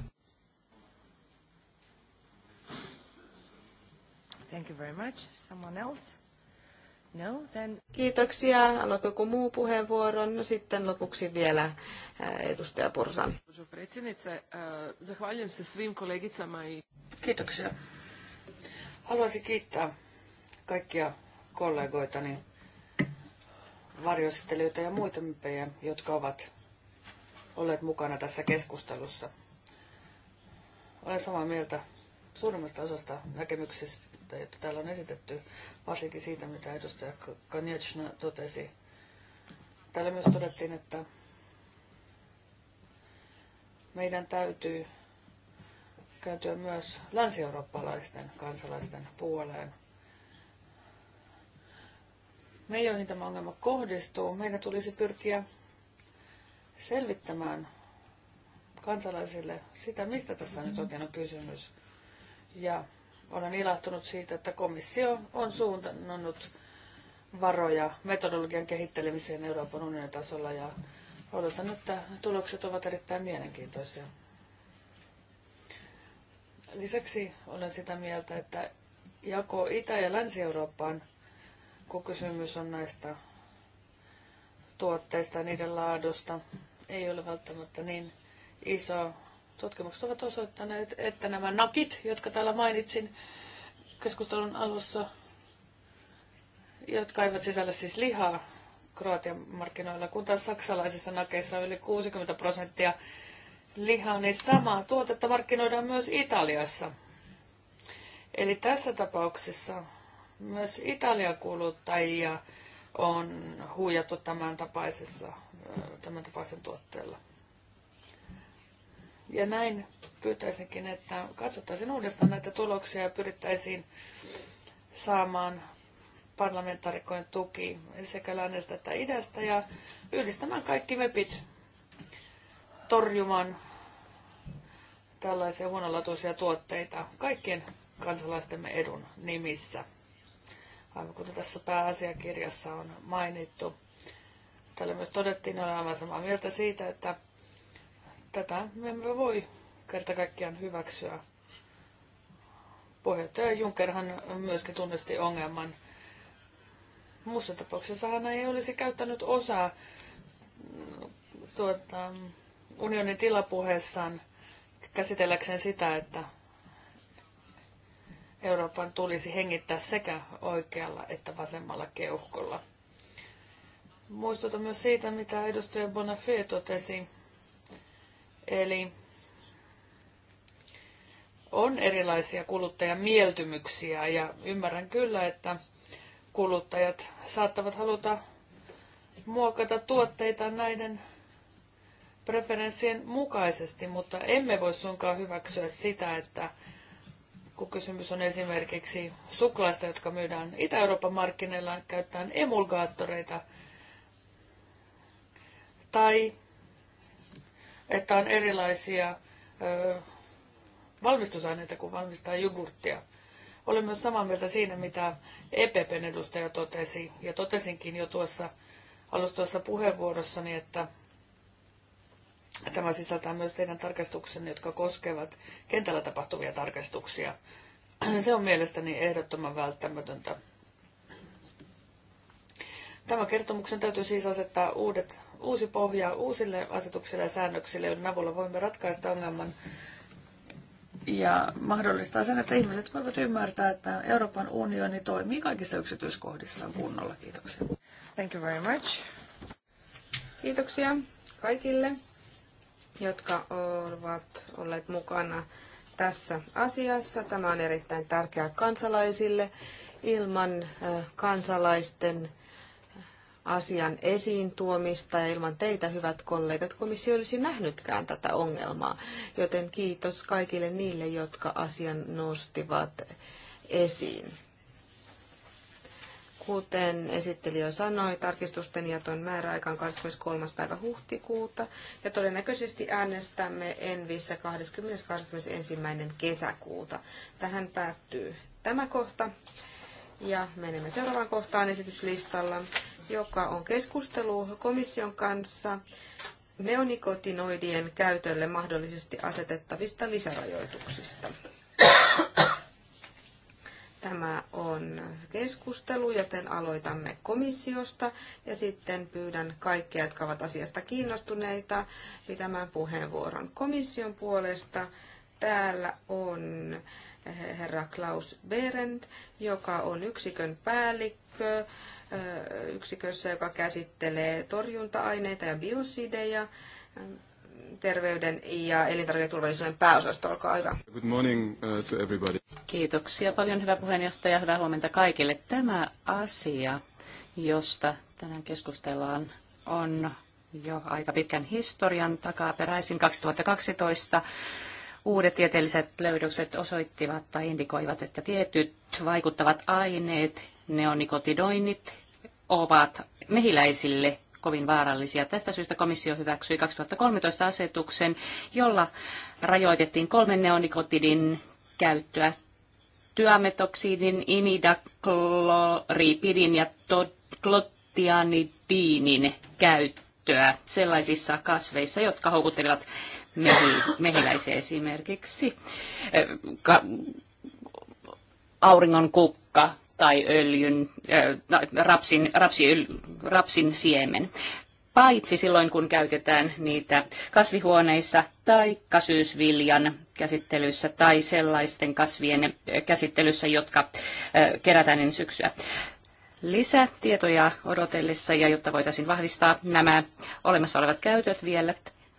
Thank you very much. Someone else? No, then... Kiitoksia. Haluatko joku muu puheenvuoron? No sitten lopuksi vielä edustaja Porsan. Kiitoksia. Haluaisin kiittää kaikkia kollegoitani, varjoesittelijöitä ja muita mepejä, jotka ovat olleet mukana tässä keskustelussa. Olen samaa mieltä suurimmasta osasta näkemyksistä huomioita, joita täällä on esitetty, varsinkin siitä, mitä edustaja Kanjechna totesi. Täällä myös todettiin, että meidän täytyy kääntyä myös länsi-eurooppalaisten kansalaisten puoleen. Me, joihin tämä ongelma kohdistuu, meidän tulisi pyrkiä selvittämään kansalaisille sitä, mistä tässä nyt oikein on kysymys. Ja olen ilahtunut siitä, että komissio on suuntannut varoja metodologian kehittelemiseen Euroopan unionin tasolla ja odotan, että tulokset ovat erittäin mielenkiintoisia. Lisäksi olen sitä mieltä, että jako Itä- ja Länsi-Eurooppaan, kun kysymys on näistä tuotteista ja niiden laadusta, ei ole välttämättä niin iso Tutkimukset ovat osoittaneet, että nämä nakit, jotka täällä mainitsin keskustelun alussa, jotka eivät sisällä siis lihaa Kroatian markkinoilla, kun taas saksalaisissa nakeissa on yli 60 prosenttia lihaa, niin samaa tuotetta markkinoidaan myös Italiassa. Eli tässä tapauksessa myös Italian kuluttajia on huijattu tämän, tapaisessa, tämän tapaisen tuotteella. Ja näin pyytäisinkin, että katsottaisiin uudestaan näitä tuloksia ja pyrittäisiin saamaan parlamentaarikojen tuki sekä lännestä että idästä ja yhdistämään kaikki mepit torjumaan tällaisia huonolatuisia tuotteita kaikkien kansalaistemme edun nimissä. Aivan kuten tässä pääasiakirjassa on mainittu. Täällä myös todettiin, niin olen aivan samaa mieltä siitä, että Tätä me emme voi kerta kaikkiaan hyväksyä. Puheenjohtaja Junckerhan myöskin tunnisti ongelman. Muussa tapauksessa hän ei olisi käyttänyt osaa tuota, unionin tilapuheessaan käsitelläkseen sitä, että Euroopan tulisi hengittää sekä oikealla että vasemmalla keuhkolla. Muistutan myös siitä, mitä edustaja Bonafé totesi Eli on erilaisia mieltymyksiä ja ymmärrän kyllä, että kuluttajat saattavat haluta muokata tuotteita näiden preferenssien mukaisesti, mutta emme voi suinkaan hyväksyä sitä, että kun kysymys on esimerkiksi suklaista, jotka myydään Itä-Euroopan markkinoilla, käyttäen emulgaattoreita tai että on erilaisia ö, valmistusaineita, kun valmistaa jogurttia. Olen myös samaa mieltä siinä, mitä EPPn edustaja totesi, ja totesinkin jo tuossa alustuessa puheenvuorossani, että tämä sisältää myös teidän tarkastuksenne, jotka koskevat kentällä tapahtuvia tarkastuksia. Se on mielestäni ehdottoman välttämätöntä. Tämä kertomuksen täytyy siis asettaa uudet uusi pohja uusille asetuksille ja säännöksille, joiden avulla voimme ratkaista ongelman ja mahdollistaa sen, että ihmiset voivat ymmärtää, että Euroopan unioni toimii kaikissa yksityiskohdissaan kunnolla. Kiitoksia. Thank you very much. Kiitoksia kaikille, jotka ovat olleet mukana tässä asiassa. Tämä on erittäin tärkeää kansalaisille. Ilman äh, kansalaisten asian esiin tuomista ja ilman teitä, hyvät kollegat, komissio olisi nähnytkään tätä ongelmaa. Joten kiitos kaikille niille, jotka asian nostivat esiin. Kuten esitteli jo sanoi, tarkistusten jätön määräaika on 23. päivä huhtikuuta ja todennäköisesti äänestämme Envissä 20.21. kesäkuuta. Tähän päättyy tämä kohta ja menemme seuraavaan kohtaan esityslistalla joka on keskustelu komission kanssa neonikotinoidien käytölle mahdollisesti asetettavista lisärajoituksista. Tämä on keskustelu, joten aloitamme komissiosta ja sitten pyydän kaikkia, jotka ovat asiasta kiinnostuneita, pitämään puheenvuoron komission puolesta. Täällä on eh, herra Klaus Berend, joka on yksikön päällikkö yksikössä, joka käsittelee torjunta-aineita ja biosideja terveyden ja elintarviketurvallisuuden pääosasto. Olkaa hyvä. Good morning uh, to everybody. Kiitoksia paljon, hyvä puheenjohtaja. Hyvää huomenta kaikille. Tämä asia, josta tänään keskustellaan, on jo aika pitkän historian takaa peräisin 2012 uudet tieteelliset löydökset osoittivat tai indikoivat, että tietyt vaikuttavat aineet neonikotidoinit ovat mehiläisille kovin vaarallisia. Tästä syystä komissio hyväksyi 2013 asetuksen, jolla rajoitettiin kolmen neonikotidin käyttöä työmetoksidin, inidakloripidin ja klottianidiinin käyttöä sellaisissa kasveissa, jotka houkuttelevat mehi, mehiläisiä esimerkiksi. Ka- auringon kukka tai öljyn, äh, rapsin, rapsi, rapsin siemen paitsi silloin, kun käytetään niitä kasvihuoneissa tai kasysviljan käsittelyssä tai sellaisten kasvien käsittelyssä, jotka kerätään ensi syksyä. Lisätietoja odotellessa ja jotta voitaisiin vahvistaa nämä olemassa olevat käytöt vielä,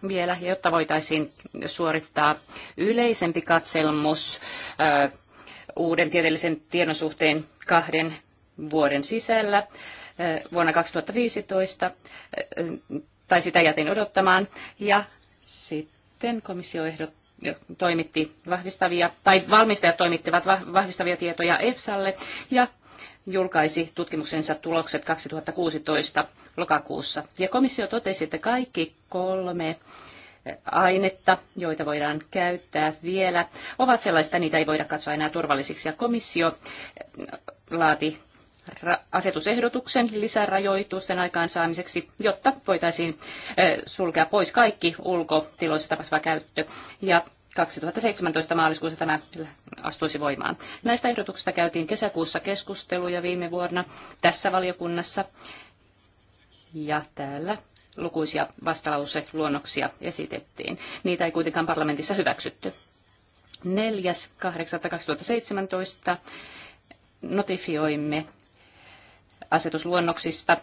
vielä ja jotta voitaisiin suorittaa yleisempi katselmus uuden tieteellisen tiedon suhteen kahden vuoden sisällä eh, vuonna 2015, eh, tai sitä jätin odottamaan, ja sitten komissio ehdottaa toimitti vahvistavia, tai valmistajat toimittivat vahvistavia tietoja EFSAlle ja julkaisi tutkimuksensa tulokset 2016 lokakuussa. Ja komissio totesi, että kaikki kolme ainetta, joita voidaan käyttää vielä, ovat sellaista, niitä ei voida katsoa enää turvallisiksi. Ja komissio eh, laati asetusehdotuksen lisärajoitusten aikaansaamiseksi, jotta voitaisiin eh, sulkea pois kaikki ulkotiloissa tapahtuva käyttö. Ja 2017 maaliskuussa tämä astuisi voimaan. Näistä ehdotuksista käytiin kesäkuussa keskusteluja viime vuonna tässä valiokunnassa ja täällä lukuisia vastalauseluonnoksia esitettiin. Niitä ei kuitenkaan parlamentissa hyväksytty. 4.8.2017 notifioimme asetusluonnoksista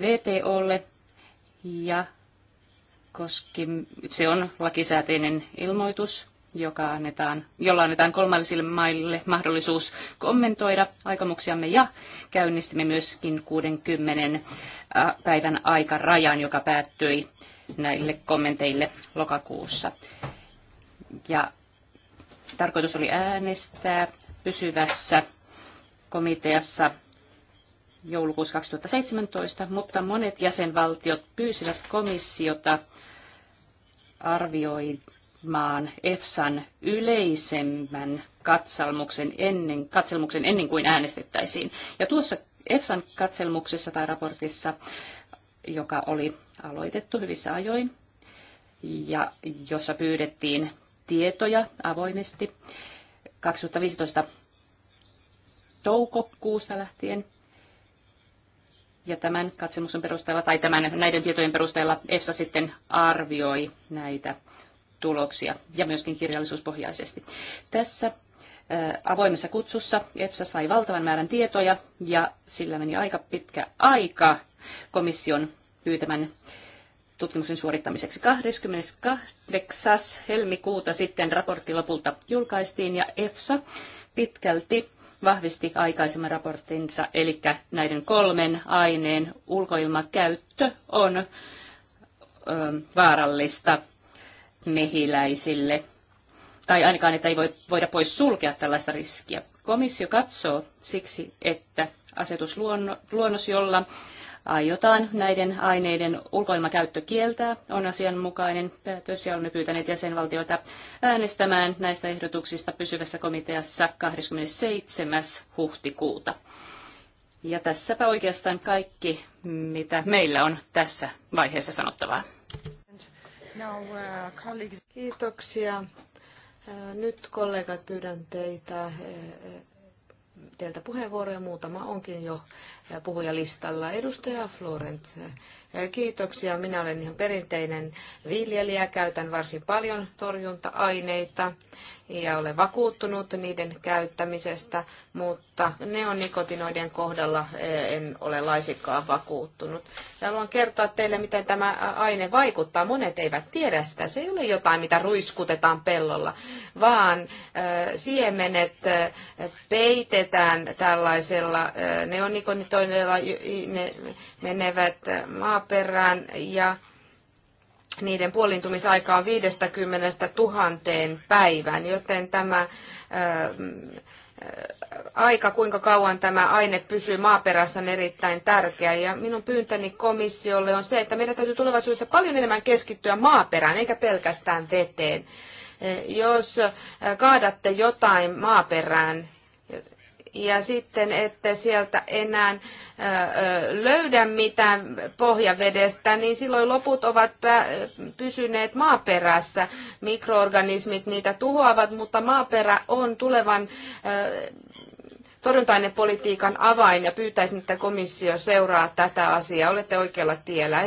VTOlle ja koski, se on lakisääteinen ilmoitus joka annetaan, jolla annetaan kolmansille maille mahdollisuus kommentoida aikomuksiamme ja käynnistimme myöskin 60 äh, päivän aikarajan, joka päättyi näille kommenteille lokakuussa. Ja tarkoitus oli äänestää pysyvässä komiteassa joulukuussa 2017, mutta monet jäsenvaltiot pyysivät komissiota arvioimaan maan EFSAn yleisemmän katselmuksen ennen, katselmuksen ennen kuin äänestettäisiin. Ja tuossa EFSAn katselmuksessa tai raportissa, joka oli aloitettu hyvissä ajoin ja jossa pyydettiin tietoja avoimesti 2015 toukokuusta lähtien, ja tämän katsomuksen perusteella tai tämän, näiden tietojen perusteella EFSA sitten arvioi näitä tuloksia ja myöskin kirjallisuuspohjaisesti. Tässä avoimessa kutsussa EFSA sai valtavan määrän tietoja ja sillä meni aika pitkä aika komission pyytämän tutkimuksen suorittamiseksi. 28. helmikuuta sitten raportti lopulta julkaistiin ja EFSA pitkälti vahvisti aikaisemman raporttinsa, eli näiden kolmen aineen ulkoilmakäyttö on ö, vaarallista mehiläisille, tai ainakaan, että ei voi, voida pois sulkea tällaista riskiä. Komissio katsoo siksi, että asetusluonnos, jolla aiotaan näiden aineiden ulkoilmakäyttö kieltää, on asianmukainen päätös ja olemme pyytäneet jäsenvaltioita äänestämään näistä ehdotuksista pysyvässä komiteassa 27. huhtikuuta. Ja tässäpä oikeastaan kaikki, mitä meillä on tässä vaiheessa sanottavaa. Kiitoksia. Nyt kollegat pyydän teitä, teiltä puheenvuoroja. Muutama onkin jo puhujalistalla. Edustaja Florence, kiitoksia. Minä olen ihan perinteinen viljelijä. Käytän varsin paljon torjunta-aineita ja ole vakuuttunut niiden käyttämisestä, mutta neonikotinoidien kohdalla e, en ole laisikaan vakuuttunut. Ja haluan kertoa teille, miten tämä aine vaikuttaa. Monet eivät tiedä sitä. Se ei ole jotain, mitä ruiskutetaan pellolla, vaan e, siemenet e, peitetään tällaisella neonikotinoidilla, ne menevät maaperään ja niiden puolintumisaika on 50 000 päivään, joten tämä äh, aika, kuinka kauan tämä aine pysyy maaperässä, on erittäin tärkeä. Ja minun pyyntöni komissiolle on se, että meidän täytyy tulevaisuudessa paljon enemmän keskittyä maaperään, eikä pelkästään veteen. Äh, jos äh, kaadatte jotain maaperään, ja sitten ette sieltä enää löydä mitään pohjavedestä, niin silloin loput ovat pysyneet maaperässä. Mikroorganismit niitä tuhoavat, mutta maaperä on tulevan torjunta-ainepolitiikan avain ja pyytäisin, että komissio seuraa tätä asiaa. Olette oikealla tiellä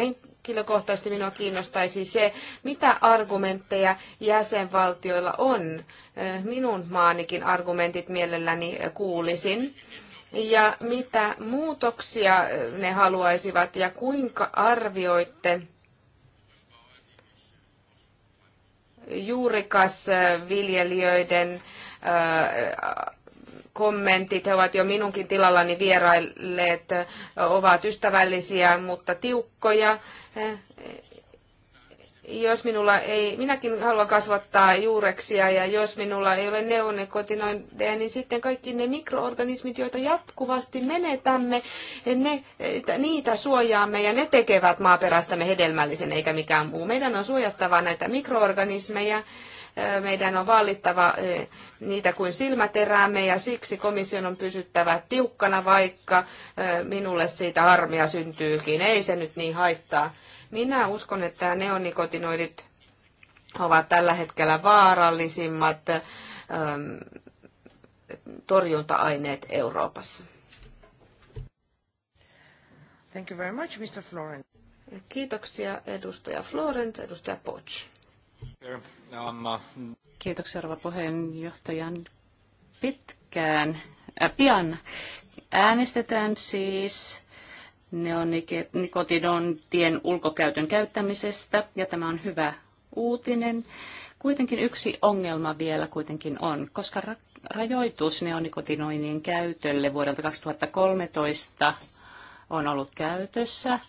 henkilökohtaisesti minua kiinnostaisi se, mitä argumentteja jäsenvaltioilla on. Äh, minun maanikin argumentit mielelläni kuulisin. Ja mitä muutoksia ne haluaisivat ja kuinka arvioitte juurikas äh, viljelijöiden äh, kommentit, he ovat jo minunkin tilallani vierailleet, ovat ystävällisiä, mutta tiukkoja. Jos minulla ei, minäkin haluan kasvattaa juureksia ja jos minulla ei ole neonekotinoideja, niin sitten kaikki ne mikroorganismit, joita jatkuvasti menetämme, ne, niitä suojaamme ja ne tekevät maaperästämme hedelmällisen eikä mikään muu. Meidän on suojattava näitä mikroorganismeja meidän on vaalittava niitä kuin silmäteräämme ja siksi komission on pysyttävä tiukkana, vaikka minulle siitä harmia syntyykin. Ei se nyt niin haittaa. Minä uskon, että neonikotinoidit ovat tällä hetkellä vaarallisimmat torjunta-aineet Euroopassa. Thank you very much, Mr. Florence. Kiitoksia edustaja Florence, edustaja Poch. Kiitoksia, rouva puheenjohtajan. Pitkään, äh, pian äänestetään siis neonikotidontien ulkokäytön käyttämisestä, ja tämä on hyvä uutinen. Kuitenkin yksi ongelma vielä kuitenkin on, koska ra- rajoitus neonikotinoinnin käytölle vuodelta 2013 on ollut käytössä,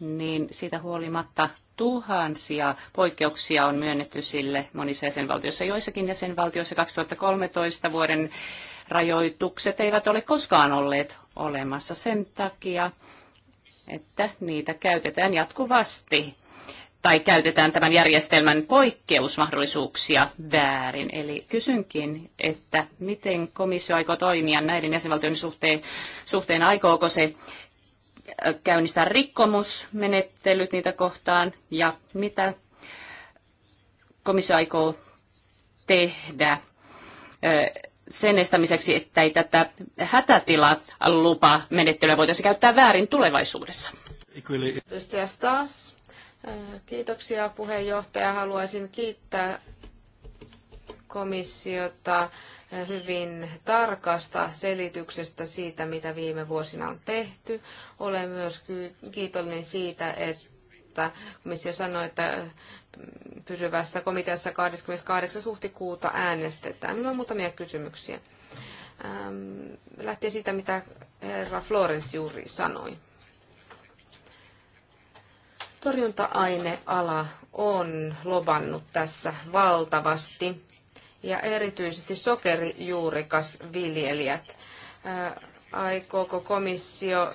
niin siitä huolimatta tuhansia poikkeuksia on myönnetty sille monissa jäsenvaltioissa. Joissakin jäsenvaltioissa 2013 vuoden rajoitukset eivät ole koskaan olleet olemassa sen takia, että niitä käytetään jatkuvasti tai käytetään tämän järjestelmän poikkeusmahdollisuuksia väärin. Eli kysynkin, että miten komissio aikoo toimia näiden jäsenvaltioiden suhteen, suhteen aikooko se käynnistää rikkomusmenettelyt niitä kohtaan ja mitä komissio aikoo tehdä sen estämiseksi, että ei tätä hätätilalupamenettelyä voitaisiin käyttää väärin tulevaisuudessa. Taas. Kiitoksia puheenjohtaja. Haluaisin kiittää komissiota hyvin tarkasta selityksestä siitä, mitä viime vuosina on tehty. Olen myös kiitollinen siitä, että komissio sanoi, että pysyvässä komiteassa 28. huhtikuuta äänestetään. Minulla on muutamia kysymyksiä. Ähm, Lähtee siitä, mitä herra Florence juuri sanoi torjunta-aineala on lobannut tässä valtavasti ja erityisesti sokerijuurikasviljelijät. Äh, aikooko komissio äh,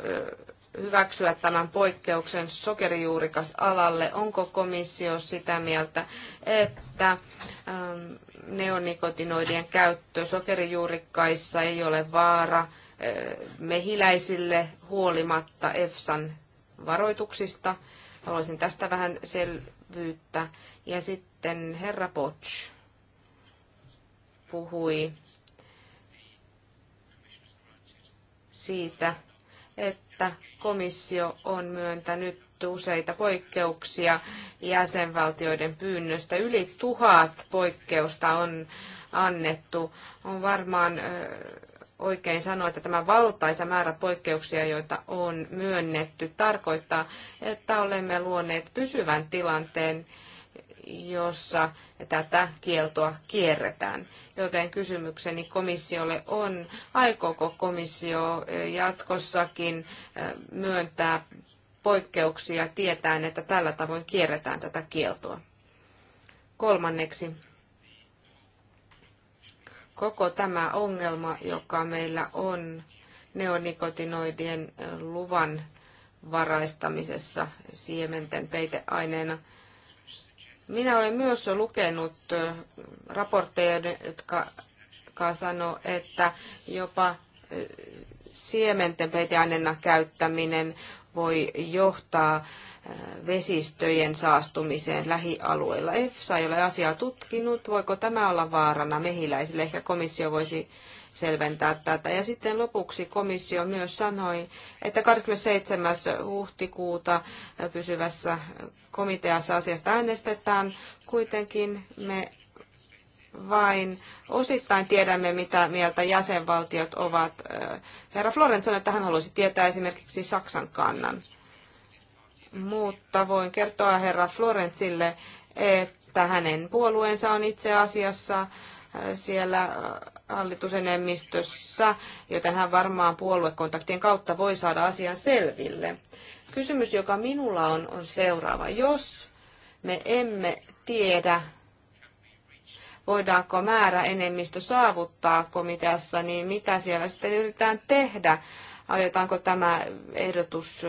hyväksyä tämän poikkeuksen sokerijuurikasalalle? Onko komissio sitä mieltä, että ähm, neonikotinoidien käyttö sokerijuurikkaissa ei ole vaara äh, mehiläisille huolimatta EFSAn varoituksista? Haluaisin tästä vähän selvyyttä. Ja sitten herra Potsch puhui siitä, että komissio on myöntänyt useita poikkeuksia jäsenvaltioiden pyynnöstä. Yli tuhat poikkeusta on annettu. On varmaan oikein sanoa, että tämä valtaisa määrä poikkeuksia, joita on myönnetty, tarkoittaa, että olemme luoneet pysyvän tilanteen, jossa tätä kieltoa kierretään. Joten kysymykseni komissiolle on, aikooko komissio jatkossakin myöntää poikkeuksia tietäen, että tällä tavoin kierretään tätä kieltoa. Kolmanneksi, koko tämä ongelma, joka meillä on neonikotinoidien luvan varaistamisessa siementen peiteaineena – minä olen myös lukenut raportteja, jotka, sanoo, että jopa siementen peiteaineena käyttäminen voi johtaa vesistöjen saastumiseen lähialueilla. EFSA ei ole asiaa tutkinut. Voiko tämä olla vaarana mehiläisille? Ehkä komissio voisi selventää tätä. Ja sitten lopuksi komissio myös sanoi, että 27. huhtikuuta pysyvässä komiteassa asiasta äänestetään. Kuitenkin me vain osittain tiedämme, mitä mieltä jäsenvaltiot ovat. Herra Florent sanoi, että hän haluaisi tietää esimerkiksi Saksan kannan. Mutta voin kertoa herra Florentsille, että hänen puolueensa on itse asiassa siellä äh, hallitusenemmistössä, joten hän varmaan puoluekontaktien kautta voi saada asian selville. Kysymys, joka minulla on, on seuraava. Jos me emme tiedä, voidaanko määräenemmistö enemmistö saavuttaa komiteassa, niin mitä siellä sitten yritetään tehdä? Aiotaanko tämä ehdotus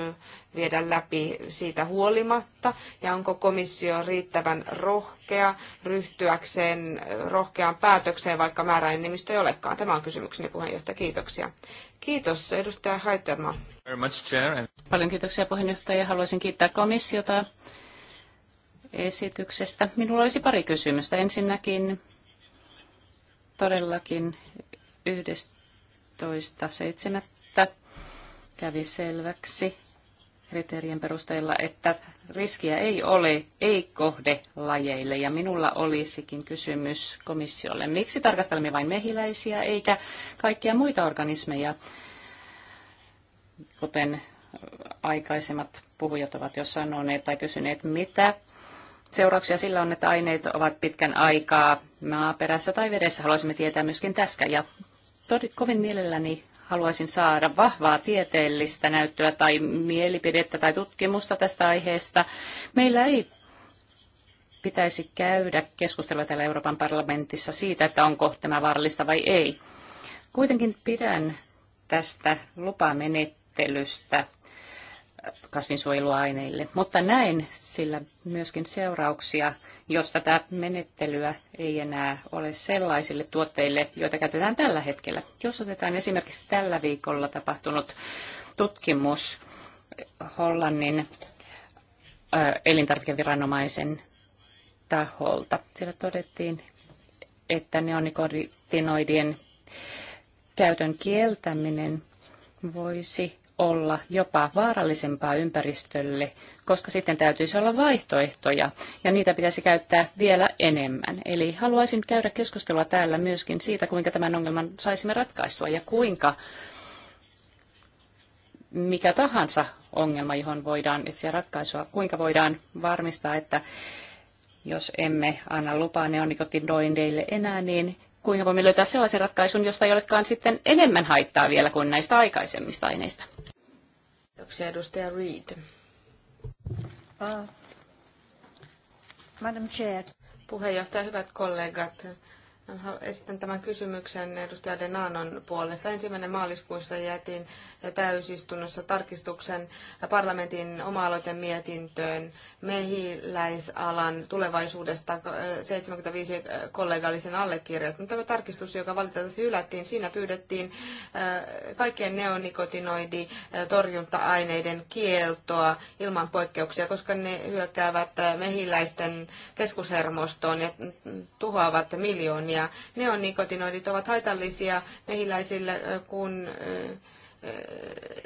viedä läpi siitä huolimatta? Ja onko komissio riittävän rohkea ryhtyäkseen rohkeaan päätökseen, vaikka määräenemmistö ei olekaan? Tämä on kysymykseni puheenjohtaja. Kiitoksia. Kiitos edustaja Haiterma. Paljon kiitoksia puheenjohtaja. Haluaisin kiittää komissiota esityksestä. Minulla olisi pari kysymystä. Ensinnäkin todellakin 11.7 kävi selväksi kriteerien perusteella, että riskiä ei ole ei-kohdelajeille. Ja minulla olisikin kysymys komissiolle, miksi tarkastelemme vain mehiläisiä eikä kaikkia muita organismeja, kuten aikaisemmat puhujat ovat jo sanoneet tai kysyneet, mitä seurauksia sillä on, että aineet ovat pitkän aikaa maaperässä tai vedessä. Haluaisimme tietää myöskin tästä. Ja kovin mielelläni haluaisin saada vahvaa tieteellistä näyttöä tai mielipidettä tai tutkimusta tästä aiheesta. Meillä ei pitäisi käydä keskustelua täällä Euroopan parlamentissa siitä, että onko tämä vaarallista vai ei. Kuitenkin pidän tästä lupamenettelystä kasvinsuojeluaineille, mutta näen sillä myöskin seurauksia jos tätä menettelyä ei enää ole sellaisille tuotteille, joita käytetään tällä hetkellä. Jos otetaan esimerkiksi tällä viikolla tapahtunut tutkimus Hollannin elintarvikeviranomaisen taholta. Siellä todettiin, että neonikotinoidien käytön kieltäminen voisi olla jopa vaarallisempaa ympäristölle, koska sitten täytyisi olla vaihtoehtoja ja niitä pitäisi käyttää vielä enemmän. Eli haluaisin käydä keskustelua täällä myöskin siitä, kuinka tämän ongelman saisimme ratkaistua ja kuinka mikä tahansa ongelma, johon voidaan etsiä ratkaisua, kuinka voidaan varmistaa, että jos emme anna lupaa neonikotinoideille enää, niin kuinka voimme löytää sellaisen ratkaisun, josta ei olekaan sitten enemmän haittaa vielä kuin näistä aikaisemmista aineista. Kiitoksia, edustaja Reid. Uh, Madam Chair. Puheenjohtaja, hyvät kollegat. Esitän tämän kysymyksen edustaja Denanon puolesta. Ensimmäinen maaliskuussa jätin täysistunnossa tarkistuksen parlamentin oma-aloiten mietintöön mehiläisalan tulevaisuudesta. 75 kollega oli allekirjoittanut. Tämä tarkistus, joka valitettavasti hylättiin, siinä pyydettiin äh, kaikkien neonikotinoiditorjunta-aineiden äh, kieltoa ilman poikkeuksia, koska ne hyökkäävät äh, mehiläisten keskushermostoon ja tuhoavat miljoonia. Neonikotinoidit ovat haitallisia mehiläisille, kun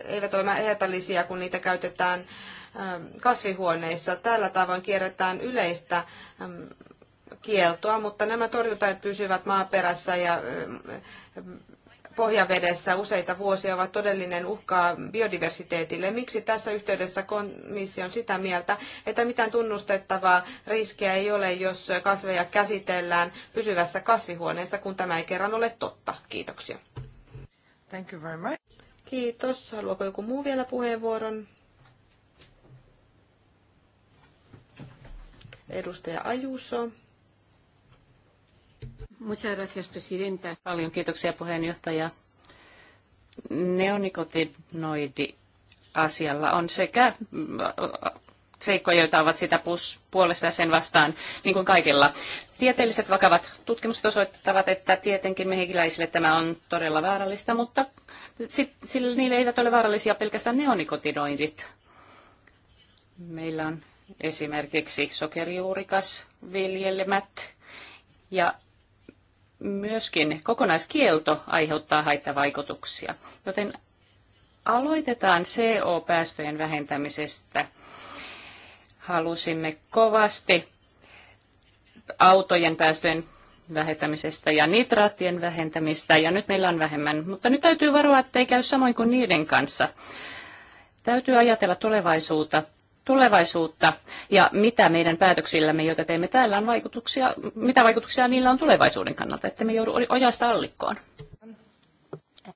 eivät ole haitallisia, kun niitä käytetään kasvihuoneissa. Tällä tavoin kierretään yleistä kieltoa, mutta nämä torjuntajat pysyvät maaperässä ja pohjavedessä useita vuosia ovat todellinen uhka biodiversiteetille. Miksi tässä yhteydessä komissio on sitä mieltä, että mitään tunnustettavaa riskiä ei ole, jos kasveja käsitellään pysyvässä kasvihuoneessa, kun tämä ei kerran ole totta? Kiitoksia. Thank you very much. Kiitos. Haluaako joku muu vielä puheenvuoron? Edustaja Ajuso. Muchas gracias, presidenta. Paljon kiitoksia puheenjohtaja. Neonikotinoidi asialla on sekä äh, seikkoja, joita ovat sitä puolesta ja sen vastaan, niin kuin kaikilla. Tieteelliset vakavat tutkimukset osoittavat, että tietenkin mehikiläisille tämä on todella vaarallista, mutta sillä niille eivät ole vaarallisia pelkästään neonikotinoidit. Meillä on esimerkiksi sokerijuurikas, viljelemät ja myöskin kokonaiskielto aiheuttaa haittavaikutuksia. Joten aloitetaan CO-päästöjen vähentämisestä. Halusimme kovasti autojen päästöjen vähentämisestä ja nitraattien vähentämistä, ja nyt meillä on vähemmän. Mutta nyt täytyy varoa, että ei käy samoin kuin niiden kanssa. Täytyy ajatella tulevaisuutta, tulevaisuutta ja mitä meidän päätöksillämme, joita teemme täällä, on vaikutuksia, mitä vaikutuksia niillä on tulevaisuuden kannalta, että me joudu ojasta allikkoon.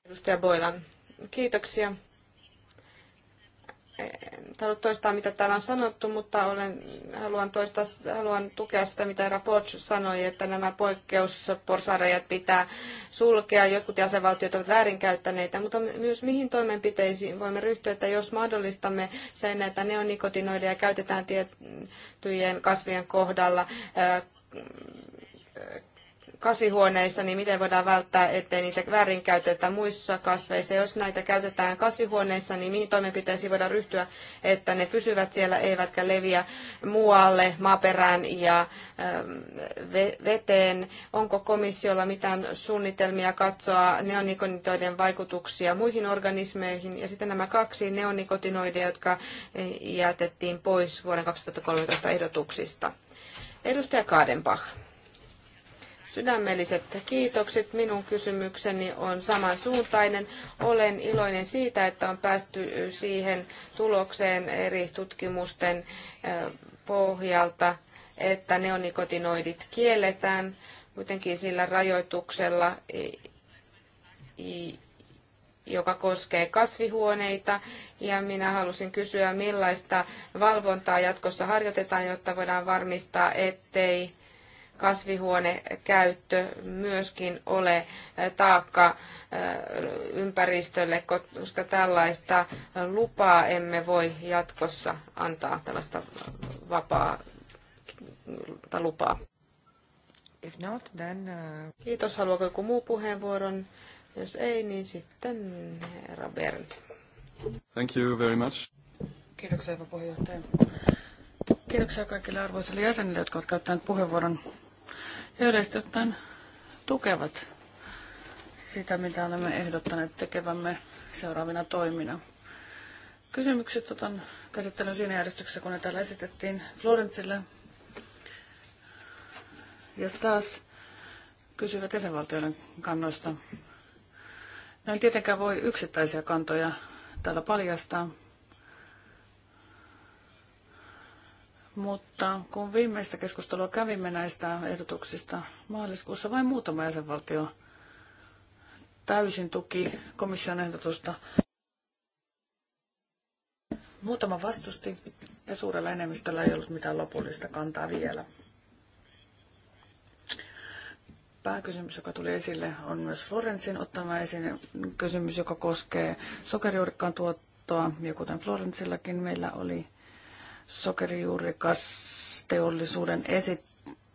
Edustaja Boilan, kiitoksia halua toistaa, mitä täällä on sanottu, mutta olen, haluan, toistaa, haluan tukea sitä, mitä Raport sanoi, että nämä poikkeusporsareijat pitää sulkea. Jotkut jäsenvaltiot ovat väärinkäyttäneitä, mutta myös mihin toimenpiteisiin voimme ryhtyä, että jos mahdollistamme sen, että neonikotinoideja käytetään tiettyjen kasvien kohdalla, kasvihuoneissa, niin miten voidaan välttää, ettei niitä väärinkäytetä muissa kasveissa. Jos näitä käytetään kasvihuoneissa, niin mihin toimenpiteisiin voidaan ryhtyä, että ne pysyvät siellä eivätkä leviä muualle, maaperään ja ähm, veteen. Onko komissiolla mitään suunnitelmia katsoa neonikotinoiden vaikutuksia muihin organismeihin? Ja sitten nämä kaksi neonikotinoideja, jotka jätettiin pois vuoden 2013 ehdotuksista. Edustaja Kaadenbach. Sydämelliset kiitokset. Minun kysymykseni on samansuuntainen. Olen iloinen siitä, että on päästy siihen tulokseen eri tutkimusten pohjalta, että neonikotinoidit kielletään kuitenkin sillä rajoituksella, joka koskee kasvihuoneita. Ja minä halusin kysyä, millaista valvontaa jatkossa harjoitetaan, jotta voidaan varmistaa, ettei kasvihuonekäyttö myöskin ole taakka ympäristölle, koska tällaista lupaa emme voi jatkossa antaa, tällaista vapaa lupaa. If not, then, uh... Kiitos. Haluaako joku muu puheenvuoron? Jos ei, niin sitten herra Bernd. Thank you very much. Kiitoksia, hyvä puheenjohtaja. Kiitoksia kaikille arvoisille jäsenille, jotka ovat käyttäneet puheenvuoron ja yleisesti ottaen tukevat sitä, mitä olemme ehdottaneet tekevämme seuraavina toimina. Kysymykset otan käsittelyn siinä järjestyksessä, kun ne täällä esitettiin Florentsille. Ja taas kysyvät jäsenvaltioiden kannoista. Näin no tietenkään voi yksittäisiä kantoja täällä paljastaa, Mutta kun viimeistä keskustelua kävimme näistä ehdotuksista maaliskuussa, vain muutama jäsenvaltio täysin tuki komission ehdotusta. Muutama vastusti ja suurella enemmistöllä ei ollut mitään lopullista kantaa vielä. Pääkysymys, joka tuli esille, on myös Florensin ottama esiin kysymys, joka koskee sokerijuurikkaan tuottoa. Ja kuten Florensillakin meillä oli sokerijuurikasteollisuuden esit-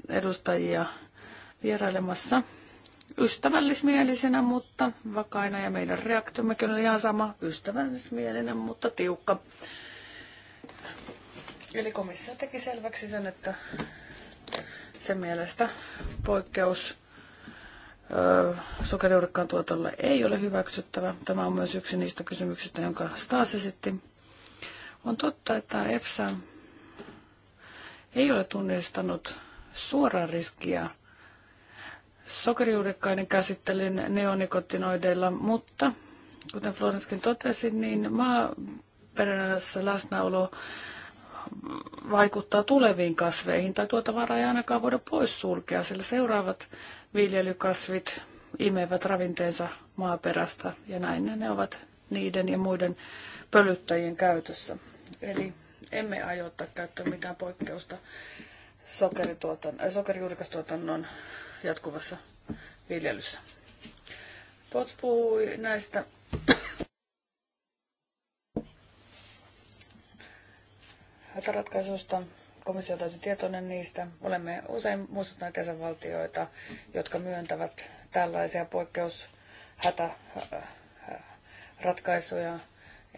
edustajia vierailemassa ystävällismielisenä, mutta vakaina ja meidän reaktiommekin on ihan sama ystävällismielinen, mutta tiukka. Eli komissio teki selväksi sen, että sen mielestä poikkeus sokeriurikkaan tuotolle ei ole hyväksyttävä. Tämä on myös yksi niistä kysymyksistä, jonka Stas esitti. On totta, että EFSA ei ole tunnistanut suoraa riskiä sokerijuurikkaiden käsittelyn neonikotinoideilla, mutta kuten Florenskin totesi, niin maaperässä läsnäolo vaikuttaa tuleviin kasveihin, tai tuota varaa ei ainakaan voida poissulkea, sillä seuraavat viljelykasvit imevät ravinteensa maaperästä, ja näin ne ovat niiden ja muiden pölyttäjien käytössä. Eli emme aio ottaa käyttöön mitään poikkeusta äh, sokerijuurikastuotannon jatkuvassa viljelyssä. Pot puhui näistä hätäratkaisusta. Komissio on täysin tietoinen niistä. Olemme usein muistuttaneet jäsenvaltioita, jotka myöntävät tällaisia poikkeushätäratkaisuja äh, äh,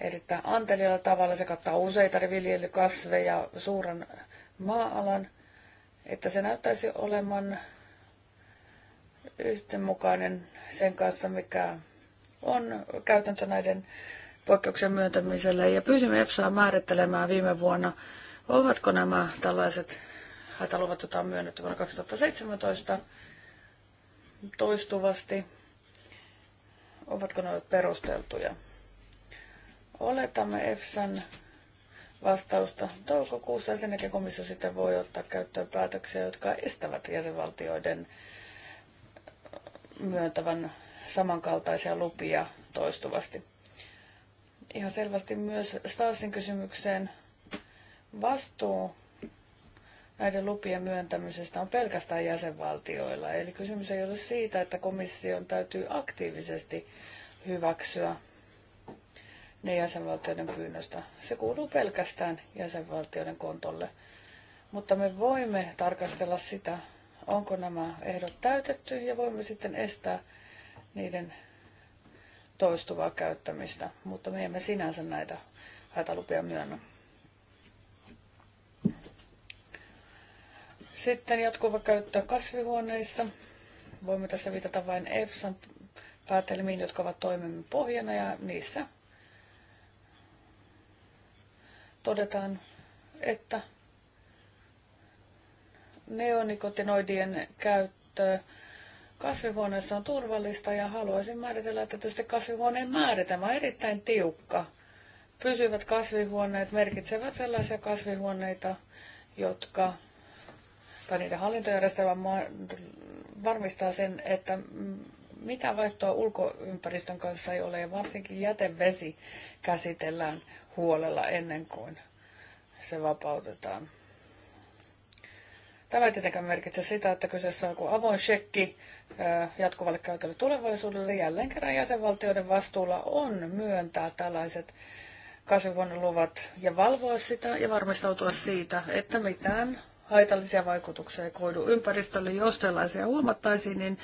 erittäin antelijalla tavalla. Se kattaa useita viljelykasveja, suuren maa-alan, että se näyttäisi olevan yhtenmukainen sen kanssa, mikä on käytäntö näiden poikkeuksen myöntämiselle. Ja pyysimme EFSAa määrittelemään viime vuonna, ovatko nämä tällaiset hätäluvat, joita on myönnetty vuonna 2017 toistuvasti, ovatko ne olleet perusteltuja. Oletamme EFSAn vastausta toukokuussa. Sen jälkeen komissio sitten voi ottaa käyttöön päätöksiä, jotka estävät jäsenvaltioiden myöntävän samankaltaisia lupia toistuvasti. Ihan selvästi myös Stasin kysymykseen vastuu näiden lupien myöntämisestä on pelkästään jäsenvaltioilla. Eli kysymys ei ole siitä, että komission täytyy aktiivisesti hyväksyä ne jäsenvaltioiden pyynnöstä. Se kuuluu pelkästään jäsenvaltioiden kontolle. Mutta me voimme tarkastella sitä, onko nämä ehdot täytetty ja voimme sitten estää niiden toistuvaa käyttämistä, mutta me emme sinänsä näitä hätälupia myönnä. Sitten jatkuva käyttö kasvihuoneissa. Voimme tässä viitata vain EFSAn päätelmiin, jotka ovat toimimme pohjana ja niissä todetaan, että neonikotinoidien käyttö kasvihuoneessa on turvallista ja haluaisin määritellä, että tietysti kasvihuoneen määritelmä on erittäin tiukka. Pysyvät kasvihuoneet merkitsevät sellaisia kasvihuoneita, jotka, tai niiden hallintojärjestelmä varmistaa sen, että mitä vaihtoa ulkoympäristön kanssa ei ole, ja varsinkin jätevesi käsitellään huolella ennen kuin se vapautetaan. Tämä ei tietenkään merkitse sitä, että kyseessä on joku avoin shekki jatkuvalle käytölle tulevaisuudelle. Jälleen kerran jäsenvaltioiden vastuulla on myöntää tällaiset kasvihuoneluvat ja valvoa sitä ja varmistautua siitä, että mitään haitallisia vaikutuksia ei koidu ympäristölle. Jos sellaisia huomattaisiin, niin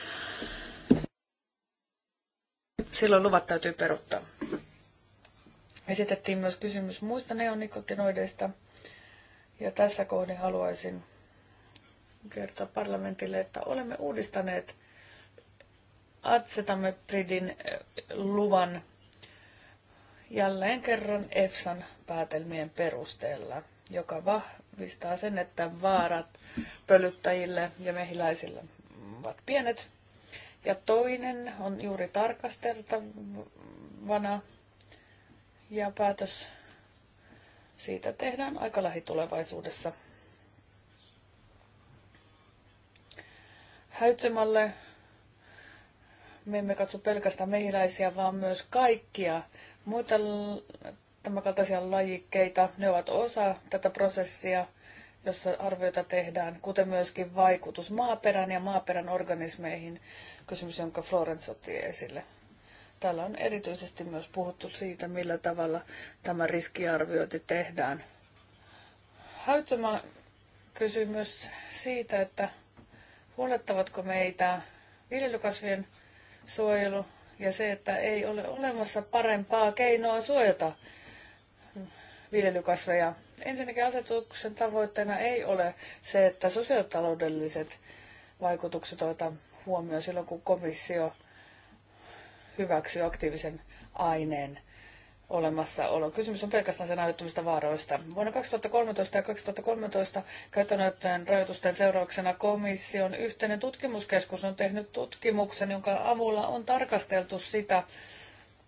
silloin luvat täytyy peruttaa. Esitettiin myös kysymys muista neonikotinoideista. Ja tässä kohdin haluaisin kertoa parlamentille, että olemme uudistaneet Atsetamepridin eh, luvan jälleen kerran EFSAn päätelmien perusteella, joka vahvistaa sen, että vaarat pölyttäjille ja mehiläisille ovat pienet. Ja toinen on juuri tarkasteltavana ja päätös siitä tehdään aika lähitulevaisuudessa. Häytymälle me emme katso pelkästään mehiläisiä, vaan myös kaikkia muita tämänkaltaisia lajikkeita. Ne ovat osa tätä prosessia, jossa arvioita tehdään, kuten myöskin vaikutus maaperän ja maaperän organismeihin, kysymys, jonka Florence otti esille. Täällä on erityisesti myös puhuttu siitä, millä tavalla tämä riskiarviointi tehdään. Häytsämä kysyy myös siitä, että huolettavatko meitä viljelykasvien suojelu ja se, että ei ole olemassa parempaa keinoa suojata viljelykasveja. Ensinnäkin asetuksen tavoitteena ei ole se, että sosiaalitaloudelliset vaikutukset otetaan huomioon silloin, kun komissio hyväksy aktiivisen aineen olemassaolo. Kysymys on pelkästään sen aiheuttamista vaaroista. Vuonna 2013 ja 2013 käytännöiden rajoitusten seurauksena komission yhteinen tutkimuskeskus on tehnyt tutkimuksen, jonka avulla on tarkasteltu sitä,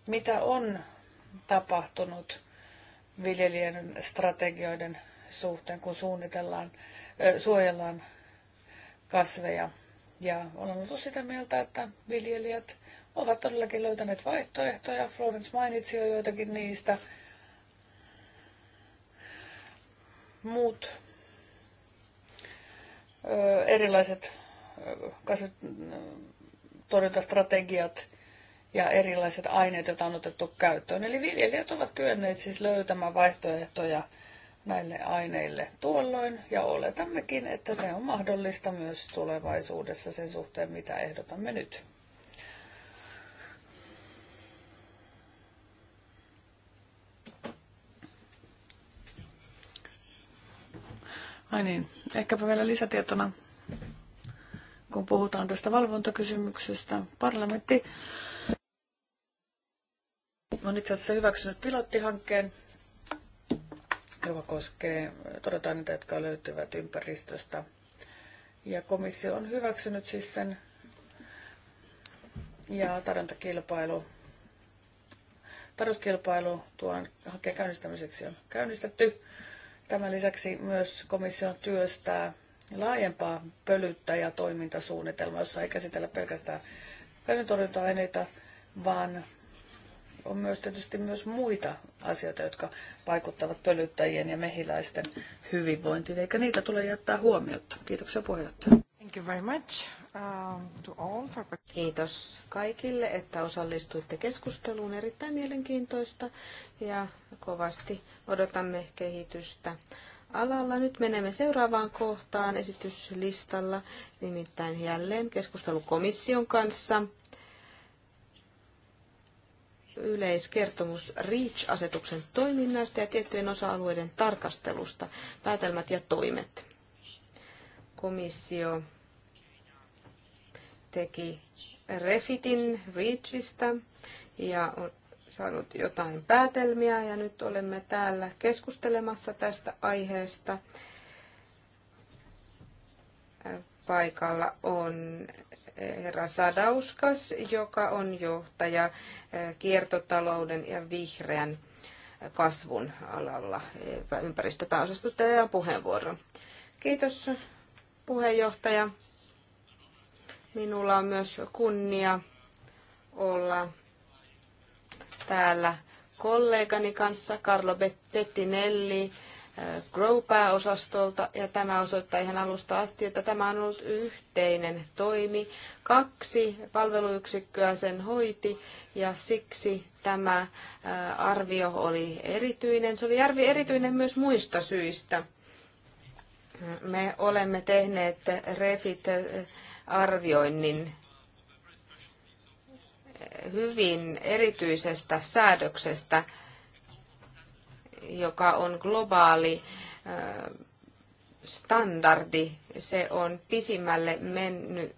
mitä on tapahtunut viljelijän strategioiden suhteen, kun suunnitellaan, suojellaan kasveja. Ja olen ollut sitä mieltä, että viljelijät ovat todellakin löytäneet vaihtoehtoja. Florence mainitsi jo joitakin niistä. Muut ö, erilaiset kasvitorjuntastrategiat ja erilaiset aineet, joita on otettu käyttöön. Eli viljelijät ovat kyenneet siis löytämään vaihtoehtoja näille aineille tuolloin ja oletammekin, että se on mahdollista myös tulevaisuudessa sen suhteen, mitä ehdotamme nyt. Ai niin, ehkäpä vielä lisätietona, kun puhutaan tästä valvontakysymyksestä. Parlamentti on itse asiassa hyväksynyt pilottihankkeen, joka koskee, todetaan niitä, jotka löytyvät ympäristöstä. Ja komissio on hyväksynyt siis sen ja tarjontakilpailu tarjouskilpailu tuon hakkeen käynnistämiseksi on käynnistetty. Tämän lisäksi myös komissio työstää laajempaa pölyttäjätoimintasuunnitelmaa, jossa ei käsitellä pelkästään pölyntorjunta aineita vaan on myös tietysti myös muita asioita, jotka vaikuttavat pölyttäjien ja mehiläisten hyvinvointiin, eikä niitä tule jättää huomiota. Kiitoksia puheenjohtaja. Thank you very much, um, to all for... Kiitos kaikille, että osallistuitte keskusteluun. Erittäin mielenkiintoista ja kovasti odotamme kehitystä alalla. Nyt menemme seuraavaan kohtaan esityslistalla, nimittäin jälleen keskustelu komission kanssa. Yleiskertomus REACH-asetuksen toiminnasta ja tiettyjen osa-alueiden tarkastelusta, päätelmät ja toimet. Komissio teki Refitin REACHista ja on saanut jotain päätelmiä ja nyt olemme täällä keskustelemassa tästä aiheesta. Paikalla on eh, herra Sadauskas, joka on johtaja eh, kiertotalouden ja vihreän kasvun alalla eh, ympäristöpääosasto teidän puheenvuoro. Kiitos puheenjohtaja. Minulla on myös kunnia olla täällä kollegani kanssa, Carlo Pettinelli äh, grow osastolta ja tämä osoittaa ihan alusta asti, että tämä on ollut yhteinen toimi. Kaksi palveluyksikköä sen hoiti, ja siksi tämä äh, arvio oli erityinen. Se oli arvi erityinen myös muista syistä. Me olemme tehneet refit arvioinnin hyvin erityisestä säädöksestä, joka on globaali standardi. Se on pisimmälle mennyt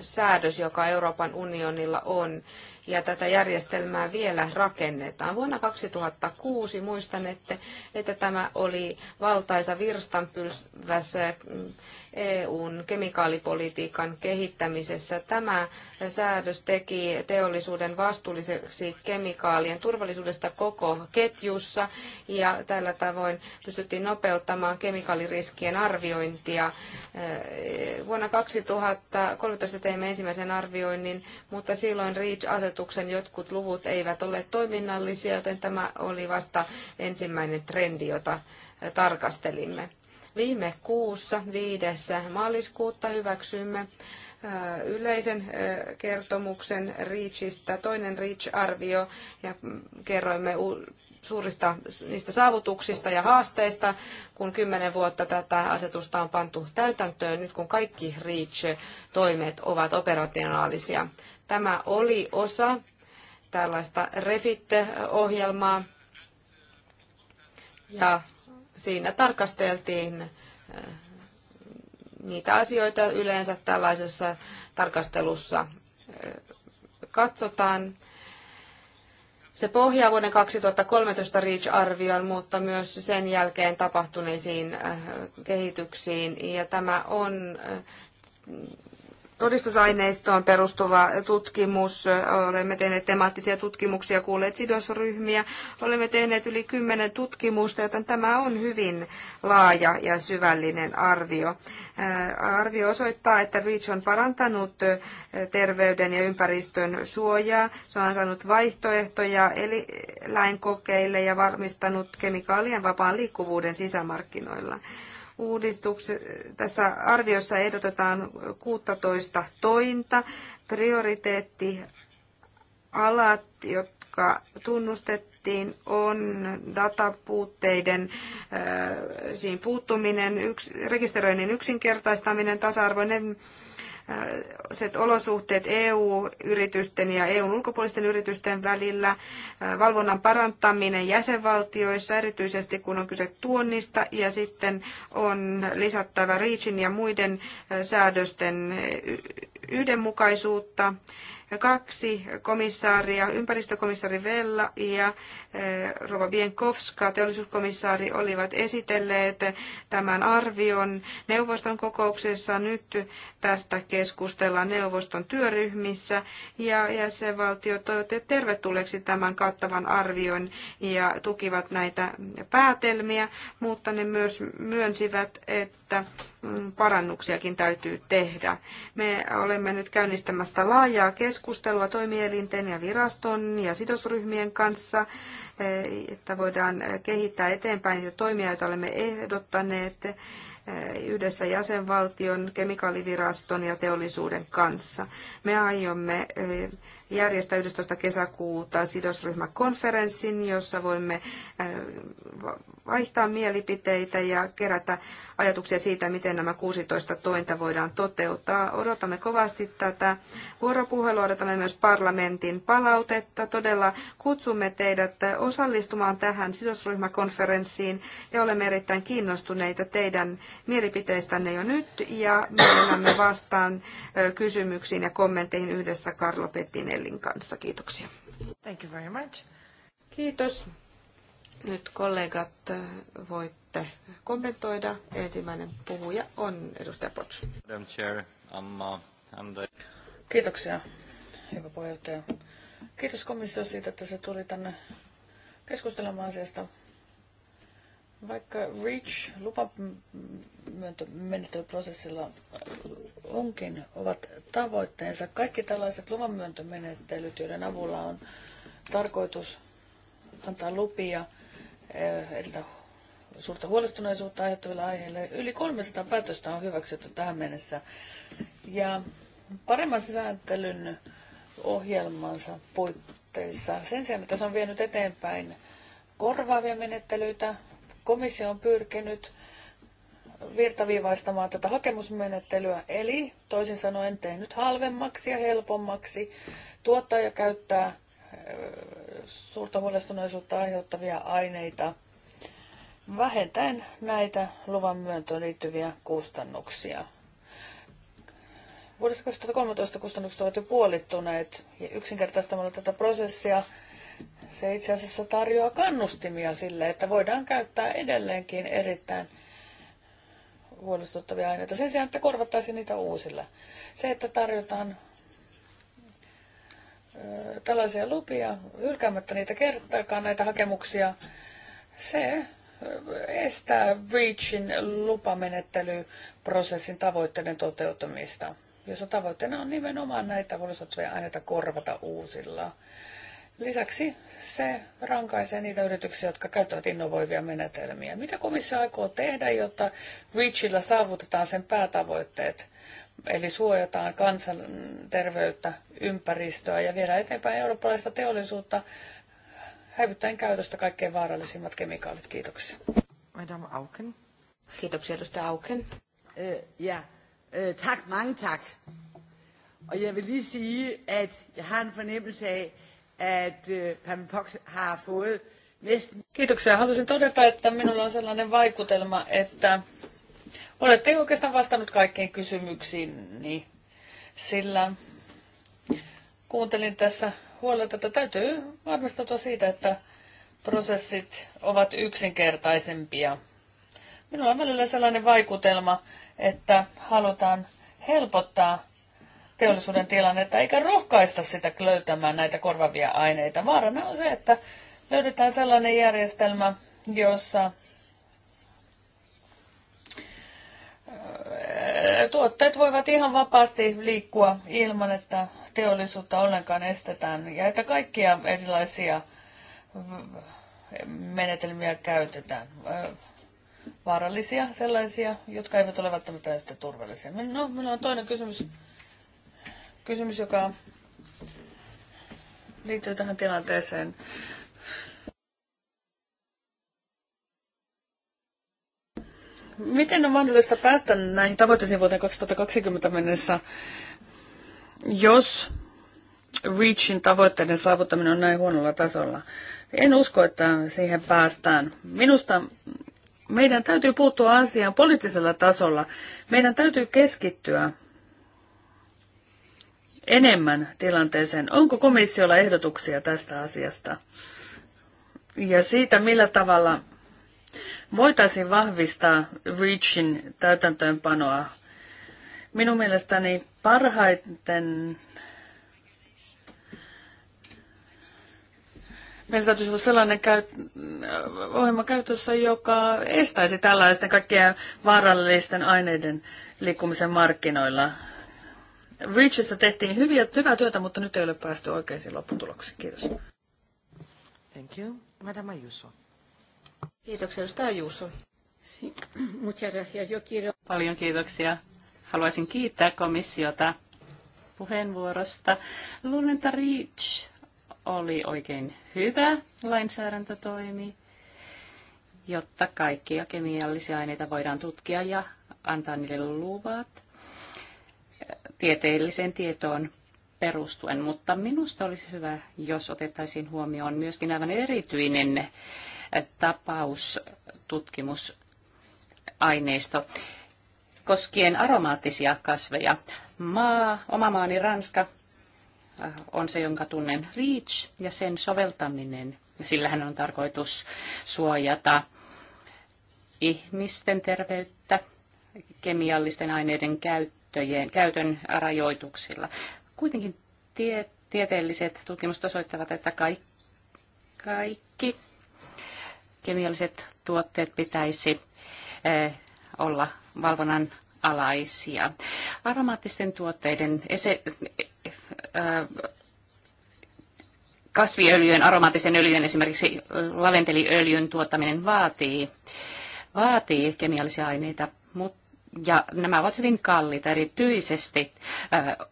säädös, joka Euroopan unionilla on, ja tätä järjestelmää vielä rakennetaan. Vuonna 2006 muistan, että, että tämä oli valtaisa virstanpylväs EUn kemikaalipolitiikan kehittämisessä. Tämä säädös teki teollisuuden vastuulliseksi kemikaalien turvallisuudesta koko ketjussa ja tällä tavoin pystyttiin nopeuttamaan kemikaaliriskien arviointia. Eh, vuonna 2013 teimme ensimmäisen arvioinnin, mutta silloin REACH-asetuksen jotkut luvut eivät ole toiminnallisia, joten tämä oli vasta ensimmäinen trendi, jota tarkastelimme. Viime kuussa 5. maaliskuutta hyväksymme yleisen kertomuksen REACHista, toinen REACH-arvio ja kerroimme suurista niistä saavutuksista ja haasteista, kun kymmenen vuotta tätä asetusta on pantu täytäntöön, nyt kun kaikki REACH-toimet ovat operationaalisia. Tämä oli osa tällaista REFIT-ohjelmaa ja siinä tarkasteltiin äh, niitä asioita yleensä tällaisessa tarkastelussa äh, katsotaan. Se pohjaa vuoden 2013 REACH-arvioon, mutta myös sen jälkeen tapahtuneisiin äh, kehityksiin. Ja tämä on todistusaineistoon perustuva tutkimus. Olemme tehneet temaattisia tutkimuksia, kuulleet sidosryhmiä. Olemme tehneet yli kymmenen tutkimusta, joten tämä on hyvin laaja ja syvällinen arvio. Arvio osoittaa, että REACH on parantanut terveyden ja ympäristön suojaa. Se on antanut vaihtoehtoja eläinkokeille ja varmistanut kemikaalien vapaan liikkuvuuden sisämarkkinoilla tässä arviossa ehdotetaan 16 tointa, prioriteettialat, jotka tunnustettiin, on datapuutteiden äh, siinä puuttuminen, yks, rekisteröinnin yksinkertaistaminen, tasa-arvoinen olosuhteet EU-yritysten ja EUn ulkopuolisten yritysten välillä, valvonnan parantaminen jäsenvaltioissa, erityisesti kun on kyse tuonnista, ja sitten on lisättävä REACHin ja muiden säädösten yhdenmukaisuutta. Kaksi komissaaria, ympäristökomissaari Vella ja Rova Bienkowska, teollisuuskomissaari, olivat esitelleet tämän arvion neuvoston kokouksessa. Nyt tästä keskustellaan neuvoston työryhmissä ja jäsenvaltio toivottavat tervetulleeksi tämän kattavan arvion ja tukivat näitä päätelmiä, mutta ne myös myönsivät, että mm, parannuksiakin täytyy tehdä. Me olemme nyt käynnistämässä laajaa keskustelua toimielinten ja viraston ja sidosryhmien kanssa, eh, että voidaan kehittää eteenpäin niitä toimia, joita olemme ehdottaneet yhdessä jäsenvaltion, kemikaaliviraston ja teollisuuden kanssa. Me aiomme järjestää 11. kesäkuuta sidosryhmäkonferenssin, jossa voimme vaihtaa mielipiteitä ja kerätä ajatuksia siitä, miten nämä 16 tointa voidaan toteuttaa. Odotamme kovasti tätä vuoropuhelua, odotamme myös parlamentin palautetta. Todella kutsumme teidät osallistumaan tähän sidosryhmäkonferenssiin ja olemme erittäin kiinnostuneita teidän mielipiteistänne jo nyt ja mielellämme vastaan kysymyksiin ja kommentteihin yhdessä Karlo Pettinellin kanssa. Kiitoksia. Thank you very much. Kiitos. Nyt kollegat äh, voitte kommentoida. Ensimmäinen puhuja on edustaja Pots. Uh, Kiitoksia, hyvä puheenjohtaja. Kiitos komissio siitä, että se tuli tänne keskustelemaan asiasta. Vaikka REACH lupamyöntömenettelyprosessilla onkin, ovat tavoitteensa kaikki tällaiset lupamyöntömenettelyt, joiden avulla on tarkoitus antaa lupia Eh, suurta huolestuneisuutta aiheuttavilla aiheilla. Yli 300 päätöstä on hyväksytty tähän mennessä. Ja paremman sääntelyn ohjelmansa puitteissa. Sen sijaan, että se on vienyt eteenpäin korvaavia menettelyitä, komissio on pyrkinyt virtaviivaistamaan tätä hakemusmenettelyä, eli toisin sanoen tehnyt halvemmaksi ja helpommaksi tuottaa ja käyttää suurta huolestuneisuutta aiheuttavia aineita vähentäen näitä luvan myöntöön liittyviä kustannuksia. Vuodesta 2013 kustannukset ovat jo puolittuneet ja yksinkertaistamalla tätä prosessia se itse asiassa tarjoaa kannustimia sille, että voidaan käyttää edelleenkin erittäin huolestuttavia aineita sen sijaan, että korvattaisiin niitä uusilla. Se, että tarjotaan tällaisia lupia, hylkäämättä niitä kertaakaan näitä hakemuksia, se estää REACHin lupamenettelyprosessin tavoitteiden toteutumista, jossa tavoitteena on nimenomaan näitä huolestuttavia aineita korvata uusilla. Lisäksi se rankaisee niitä yrityksiä, jotka käyttävät innovoivia menetelmiä. Mitä komissio aikoo tehdä, jotta REACHilla saavutetaan sen päätavoitteet? Eli suojataan kansanterveyttä, ympäristöä ja viedään eteenpäin eurooppalaista teollisuutta häivyttäen käytöstä kaikkein vaarallisimmat kemikaalit. Kiitoksia. Madame Auken. Kiitoksia, edustaja Auken. Øh, ja, øh, tak, mange tak. Og jeg vil lige sige, at jeg har en fornemmelse af, at øh, Pampox har fået næsten... Kiitoksia. Halusin todeta, että minulla on sellainen vaikutelma, että Olette oikeastaan vastannut kaikkiin kysymyksiin, niin sillä kuuntelin tässä huolella, että täytyy varmistua siitä, että prosessit ovat yksinkertaisempia. Minulla on välillä sellainen vaikutelma, että halutaan helpottaa teollisuuden tilannetta eikä rohkaista sitä löytämään näitä korvavia aineita. Vaarana on se, että löydetään sellainen järjestelmä, jossa tuotteet voivat ihan vapaasti liikkua ilman, että teollisuutta ollenkaan estetään ja että kaikkia erilaisia menetelmiä käytetään. Vaarallisia sellaisia, jotka eivät ole välttämättä yhtä turvallisia. No, minulla on toinen kysymys, kysymys joka liittyy tähän tilanteeseen. Miten on mahdollista päästä näihin tavoitteisiin vuoteen 2020 mennessä, jos REACHin tavoitteiden saavuttaminen on näin huonolla tasolla? En usko, että siihen päästään. Minusta meidän täytyy puuttua asiaan poliittisella tasolla. Meidän täytyy keskittyä enemmän tilanteeseen. Onko komissiolla ehdotuksia tästä asiasta? Ja siitä, millä tavalla voitaisiin vahvistaa REACHin täytäntöönpanoa. Minun mielestäni parhaiten Meillä täytyisi olla sellainen käyt- ohjelma käytössä, joka estäisi tällaisten kaikkien vaarallisten aineiden liikkumisen markkinoilla. Reachissa tehtiin hyviä, hyvää työtä, mutta nyt ei ole päästy oikeisiin lopputuloksiin. Kiitos. Thank you. Madame Ayuso. Kiitoksia, edustaja Juuso. Paljon kiitoksia. Haluaisin kiittää komissiota puheenvuorosta. Luulen, että REACH oli oikein hyvä lainsäädäntötoimi, jotta kaikkia kemiallisia aineita voidaan tutkia ja antaa niille luvat tieteelliseen tietoon perustuen. Mutta minusta olisi hyvä, jos otettaisiin huomioon myöskin aivan erityinen tapaustutkimusaineisto koskien aromaattisia kasveja. Maa, oma maani Ranska äh, on se, jonka tunnen REACH ja sen soveltaminen. Sillähän on tarkoitus suojata ihmisten terveyttä kemiallisten aineiden käyttöjen, käytön rajoituksilla. Kuitenkin tie, tieteelliset tutkimukset osoittavat, että kaikki, kaikki kemialliset tuotteet pitäisi eh, olla valvonnan alaisia. Aromaattisten tuotteiden ese, eh, kasviöljyjen, aromaattisten öljyjen, esimerkiksi laventeliöljyn tuottaminen vaatii, vaatii kemiallisia aineita, mutta ja nämä ovat hyvin kalliita, erityisesti eh,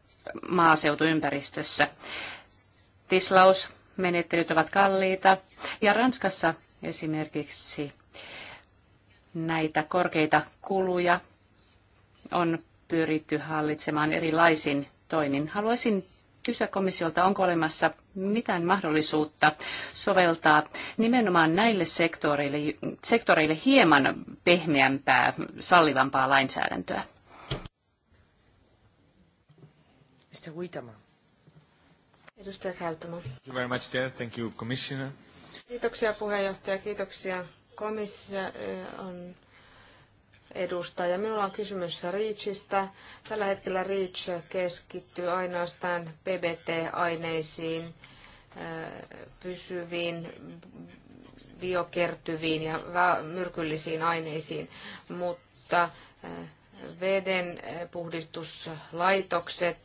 maaseutuympäristössä. Tislausmenettelyt ovat kalliita ja Ranskassa Esimerkiksi näitä korkeita kuluja on pyritty hallitsemaan erilaisin toimin. Haluaisin kysyä komissiolta, onko olemassa mitään mahdollisuutta soveltaa nimenomaan näille sektoreille, sektoreille hieman pehmeämpää, sallivampaa lainsäädäntöä? Mr. Edustaja Käyttämä. Thank you very much, Chair. Thank you, Commissioner. Kiitoksia puheenjohtaja, kiitoksia komission edustaja. Minulla on kysymys REACHista. Tällä hetkellä REACH keskittyy ainoastaan PBT-aineisiin, pysyviin biokertyviin ja myrkyllisiin aineisiin, mutta veden eh,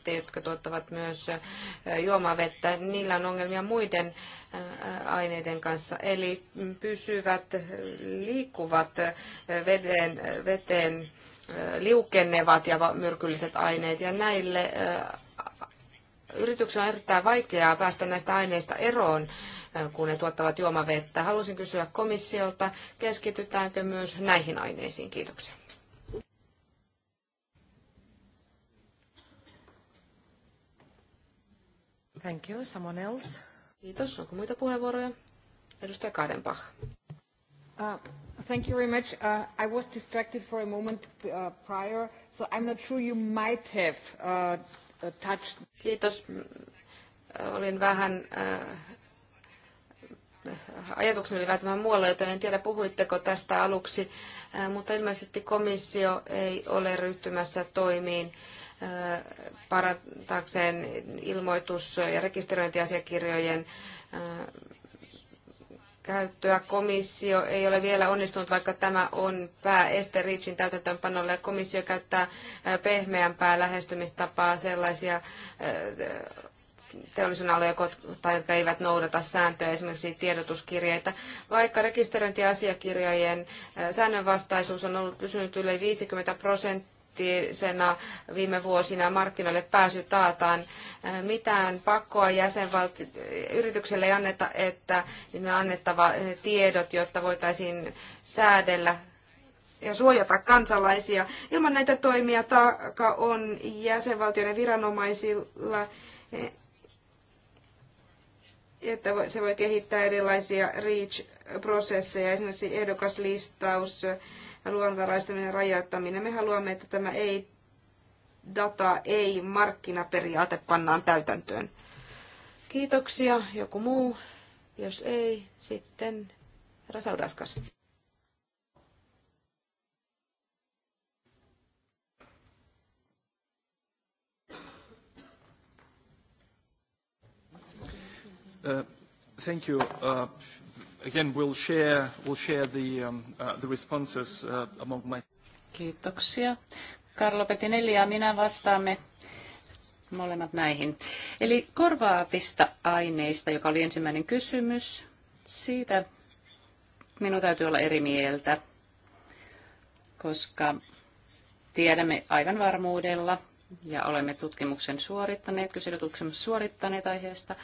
jotka tuottavat myös eh, juomavettä, niillä on ongelmia muiden eh, aineiden kanssa. Eli pysyvät, liikkuvat veden, veteen liukennevat ja myrkylliset aineet. Ja näille yrityksille on erittäin vaikeaa päästä näistä aineista eroon kun ne tuottavat juomavettä. Haluaisin kysyä komissiolta, keskitytäänkö myös näihin aineisiin? Kiitoksia. Thank you. Someone else? Kiitos. Onko muita puheenvuoroja? Edustaja Kadenbach. Uh, thank you very much. Uh, I was distracted for a moment uh, prior, so I'm not sure you might have touched. Kiitos. Olin vähän ajatukseni oli vähän muualla, joten en tiedä puhuitteko tästä aluksi, mutta ilmeisesti komissio ei ole ryhtymässä toimiin parantaakseen ilmoitus- ja rekisteröintiasiakirjojen käyttöä. Komissio ei ole vielä onnistunut, vaikka tämä on pääeste Reachin täytäntöönpanolle. Komissio käyttää pehmeämpää lähestymistapaa sellaisia teollisen aloja, jotka eivät noudata sääntöjä, esimerkiksi tiedotuskirjeitä. Vaikka rekisteröintiasiakirjojen säännönvastaisuus on ollut pysynyt yli 50 prosenttia, poliittisena viime vuosina markkinoille pääsy taataan. Äh, mitään pakkoa jäsenvalti- yritykselle ei anneta, että niin on annettava äh, tiedot, jotta voitaisiin säädellä ja suojata kansalaisia. Ilman näitä toimia taakka on jäsenvaltioiden viranomaisilla eh, että se voi kehittää erilaisia REACH-prosesseja, esimerkiksi ehdokaslistaus, luvanvaraistaminen rajoittaminen. Me haluamme, että tämä ei data, ei markkinaperiaate pannaan täytäntöön. Kiitoksia. Joku muu? Jos ei, sitten herra Saudaskas. Uh, thank you. Uh again, we'll share, we'll share the, um, uh, the responses uh, among my... Kiitoksia. Karlo Petinelli ja minä vastaamme molemmat näihin. Eli korvaavista aineista, joka oli ensimmäinen kysymys, siitä minun täytyy olla eri mieltä, koska tiedämme aivan varmuudella, ja olemme tutkimuksen suorittaneet, kyselytutkimuksen suorittaneet aiheesta,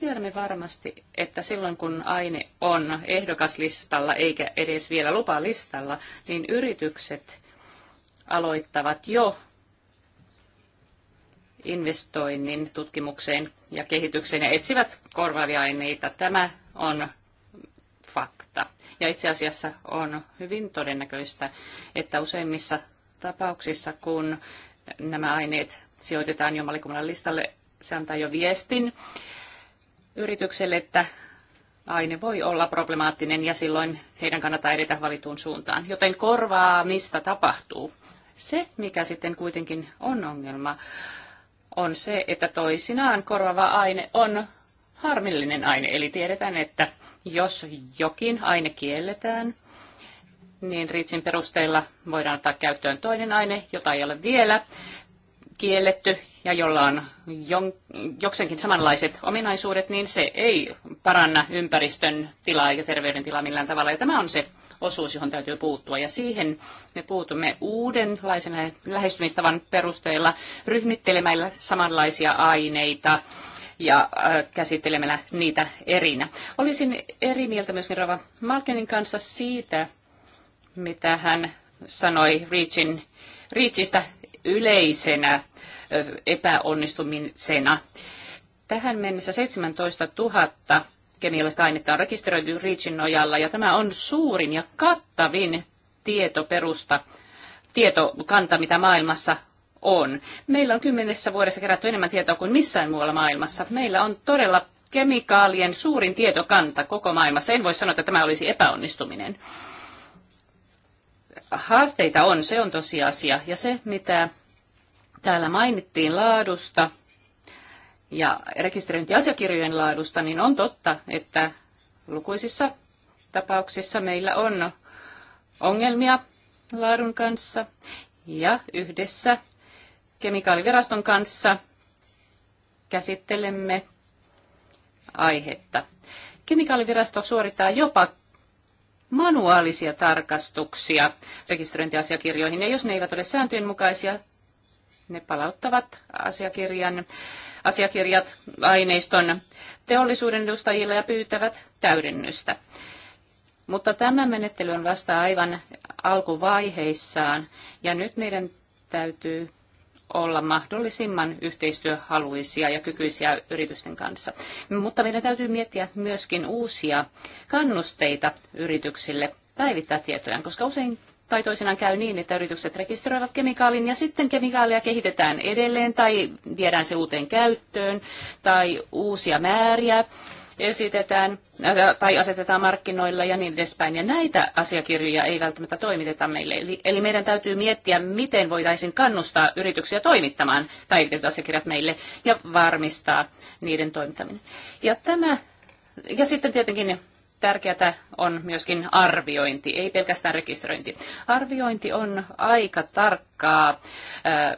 tiedämme varmasti, että silloin kun aine on ehdokaslistalla eikä edes vielä lupalistalla, niin yritykset aloittavat jo investoinnin tutkimukseen ja kehitykseen ja etsivät korvaavia aineita. Tämä on fakta. Ja itse asiassa on hyvin todennäköistä, että useimmissa tapauksissa, kun nämä aineet sijoitetaan jommallekummalle listalle, se antaa jo viestin yritykselle, että aine voi olla problemaattinen ja silloin heidän kannattaa edetä valituun suuntaan. Joten korvaa, mistä tapahtuu. Se, mikä sitten kuitenkin on ongelma, on se, että toisinaan korvaava aine on harmillinen aine. Eli tiedetään, että jos jokin aine kielletään, niin Riitsin perusteella voidaan ottaa käyttöön toinen aine, jota ei ole vielä kielletty ja jolla on jon, jokseenkin samanlaiset ominaisuudet, niin se ei paranna ympäristön tilaa ja terveydentilaa millään tavalla. Ja tämä on se osuus, johon täytyy puuttua. Ja siihen me puutumme uudenlaisen lähestymistavan perusteella ryhmittelemällä samanlaisia aineita ja äh, käsittelemällä niitä erinä. Olisin eri mieltä myöskin Rava Markenin kanssa siitä, mitä hän sanoi Reachin, Reachistä yleisenä epäonnistumisena. Tähän mennessä 17 000 kemiallista ainetta on rekisteröity Reachin nojalla ja tämä on suurin ja kattavin tietoperusta, tietokanta, mitä maailmassa on. Meillä on kymmenessä vuodessa kerätty enemmän tietoa kuin missään muualla maailmassa. Meillä on todella kemikaalien suurin tietokanta koko maailmassa. En voi sanoa, että tämä olisi epäonnistuminen haasteita on, se on tosiasia. Ja se, mitä täällä mainittiin laadusta ja rekisteröintiasiakirjojen laadusta, niin on totta, että lukuisissa tapauksissa meillä on ongelmia laadun kanssa ja yhdessä kemikaaliviraston kanssa käsittelemme aihetta. Kemikaalivirasto suorittaa jopa manuaalisia tarkastuksia rekisteröintiasiakirjoihin, ja jos ne eivät ole sääntöjen mukaisia, ne palauttavat asiakirjan, asiakirjat aineiston teollisuuden edustajille ja pyytävät täydennystä. Mutta tämä menettely on vasta aivan alkuvaiheissaan, ja nyt meidän täytyy olla mahdollisimman yhteistyöhaluisia ja kykyisiä yritysten kanssa. Mutta meidän täytyy miettiä myöskin uusia kannusteita yrityksille päivittää tietojaan, koska usein tai toisinaan käy niin, että yritykset rekisteröivät kemikaalin ja sitten kemikaalia kehitetään edelleen tai viedään se uuteen käyttöön tai uusia määriä esitetään äh, tai asetetaan markkinoilla ja niin edespäin. Ja näitä asiakirjoja ei välttämättä toimiteta meille. Eli, eli meidän täytyy miettiä, miten voitaisiin kannustaa yrityksiä toimittamaan päivitetyt asiakirjat meille ja varmistaa niiden toimittaminen. Ja, tämä, ja sitten tietenkin tärkeää on myöskin arviointi, ei pelkästään rekisteröinti. Arviointi on aika tarkkaa äh,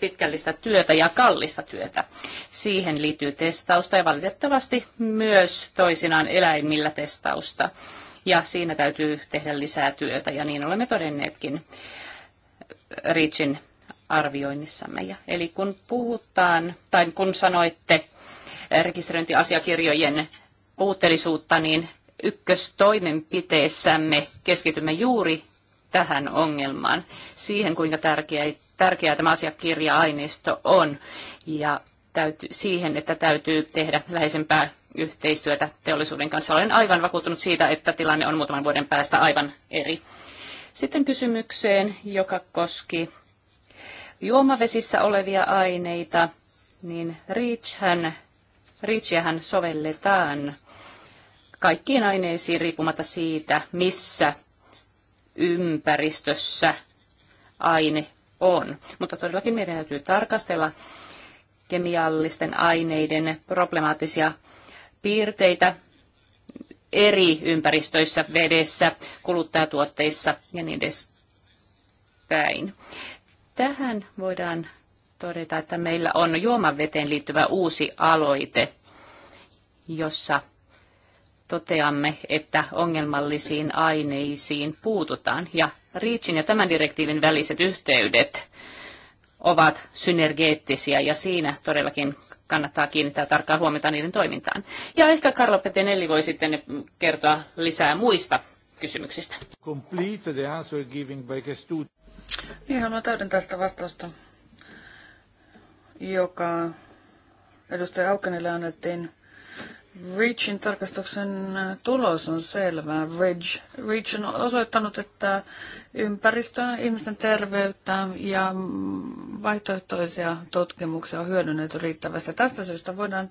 pitkällistä työtä ja kallista työtä. Siihen liittyy testausta ja valitettavasti myös toisinaan eläimillä testausta. Ja siinä täytyy tehdä lisää työtä ja niin olemme todenneetkin Richin arvioinnissamme. Ja, eli kun puhutaan, tai kun sanoitte rekisteröintiasiakirjojen puutteellisuutta, niin ykköstoimenpiteessämme keskitymme juuri tähän ongelmaan, siihen kuinka tärkeä, tärkeää tämä asiakirja-aineisto on ja täytyy, siihen, että täytyy tehdä läheisempää yhteistyötä teollisuuden kanssa. Olen aivan vakuuttunut siitä, että tilanne on muutaman vuoden päästä aivan eri. Sitten kysymykseen, joka koski juomavesissä olevia aineita, niin REACHhän, REACHiähän sovelletaan kaikkiin aineisiin riippumatta siitä, missä ympäristössä aine on. Mutta todellakin meidän täytyy tarkastella kemiallisten aineiden problemaattisia piirteitä eri ympäristöissä, vedessä, kuluttajatuotteissa ja niin edespäin. Tähän voidaan todeta, että meillä on juomaveteen liittyvä uusi aloite, jossa toteamme, että ongelmallisiin aineisiin puututaan ja REACHin ja tämän direktiivin väliset yhteydet ovat synergeettisiä ja siinä todellakin kannattaa kiinnittää tarkkaa huomiota niiden toimintaan. Ja ehkä Karlo Petenelli voi sitten kertoa lisää muista kysymyksistä. Complete the answer giving by Niin, haluan täydentää sitä vastausta, joka edustaja Aukenille annettiin. Reachin tarkastuksen äh, tulos on selvää. Reach, Reach on osoittanut, että ympäristöä, ihmisten terveyttä ja mm, vaihtoehtoisia tutkimuksia on hyödynnetty riittävästi. Tästä syystä, voidaan,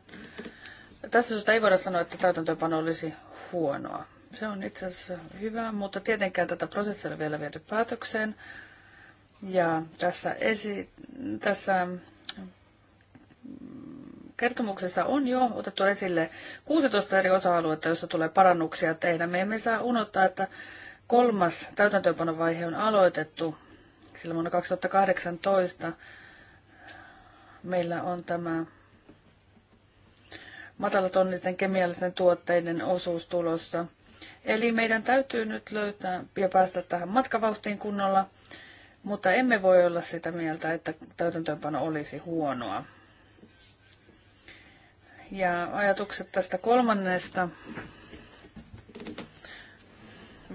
tästä syystä ei voida sanoa, että täytäntöpano olisi huonoa. Se on itse asiassa hyvä, mutta tietenkään tätä prosessia ei ole vielä viety päätökseen. Ja tässä, esi- tässä Kertomuksessa on jo otettu esille 16 eri osa-aluetta, joissa tulee parannuksia tehdä. Me emme saa unohtaa, että kolmas täytäntöönpanovaihe on aloitettu, sillä vuonna 2018 meillä on tämä matalatonnisten kemiallisten tuotteiden osuus tulossa. Eli meidän täytyy nyt löytää ja päästä tähän matkavauhtiin kunnolla, mutta emme voi olla sitä mieltä, että täytäntöönpano olisi huonoa ja ajatukset tästä kolmannesta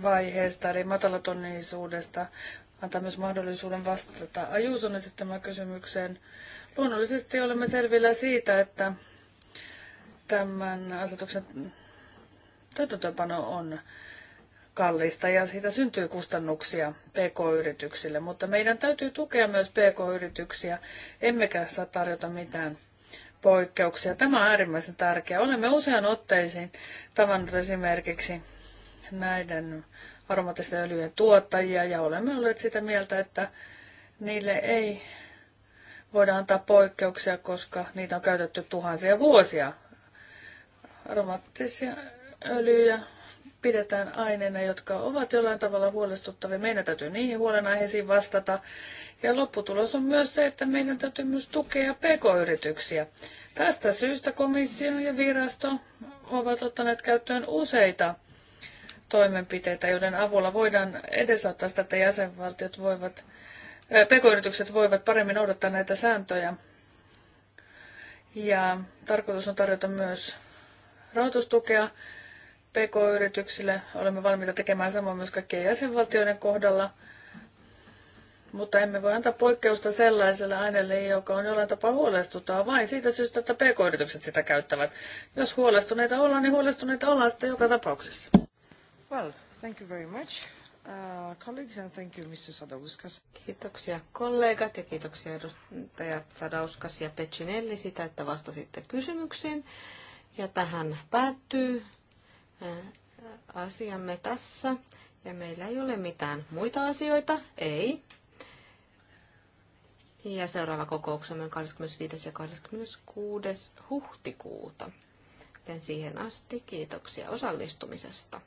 vaiheesta, eli matalatonnisuudesta, antaa myös mahdollisuuden vastata Ajuuson esittämään kysymykseen. Luonnollisesti olemme selvillä siitä, että tämän asetuksen täytäntöönpano on kallista ja siitä syntyy kustannuksia PK-yrityksille, mutta meidän täytyy tukea myös PK-yrityksiä, emmekä saa tarjota mitään poikkeuksia. Tämä on äärimmäisen tärkeää. Olemme usean otteisiin tavannut esimerkiksi näiden aromaattisten öljyjen tuottajia ja olemme olleet sitä mieltä, että niille ei voida antaa poikkeuksia, koska niitä on käytetty tuhansia vuosia. Aromaattisia öljyjä pidetään aineina, jotka ovat jollain tavalla huolestuttavia. Meidän täytyy niihin huolenaiheisiin vastata ja lopputulos on myös se, että meidän täytyy myös tukea pk-yrityksiä. Tästä syystä komissio ja virasto ovat ottaneet käyttöön useita toimenpiteitä, joiden avulla voidaan edesauttaa sitä, että jäsenvaltiot voivat, äh, pk-yritykset voivat paremmin noudattaa näitä sääntöjä. Ja tarkoitus on tarjota myös rahoitustukea PK-yrityksille. Olemme valmiita tekemään samoin myös kaikkien jäsenvaltioiden kohdalla – mutta emme voi antaa poikkeusta sellaiselle aineelle, joka on jollain tapaa huolestuttaa, vain siitä syystä, että pk-yritykset sitä käyttävät. Jos huolestuneita ollaan, niin huolestuneita ollaan sitten joka tapauksessa. Well, thank you very much. Uh, and thank you, Mr. Sadauskas. Kiitoksia kollegat ja kiitoksia edustajat Sadauskas ja Pecinelli sitä, että vastasitte kysymyksiin. Ja tähän päättyy uh, asiamme tässä. Ja meillä ei ole mitään muita asioita, ei. Ja seuraava kokouksemme on 25. ja 26. huhtikuuta. Joten siihen asti kiitoksia osallistumisesta.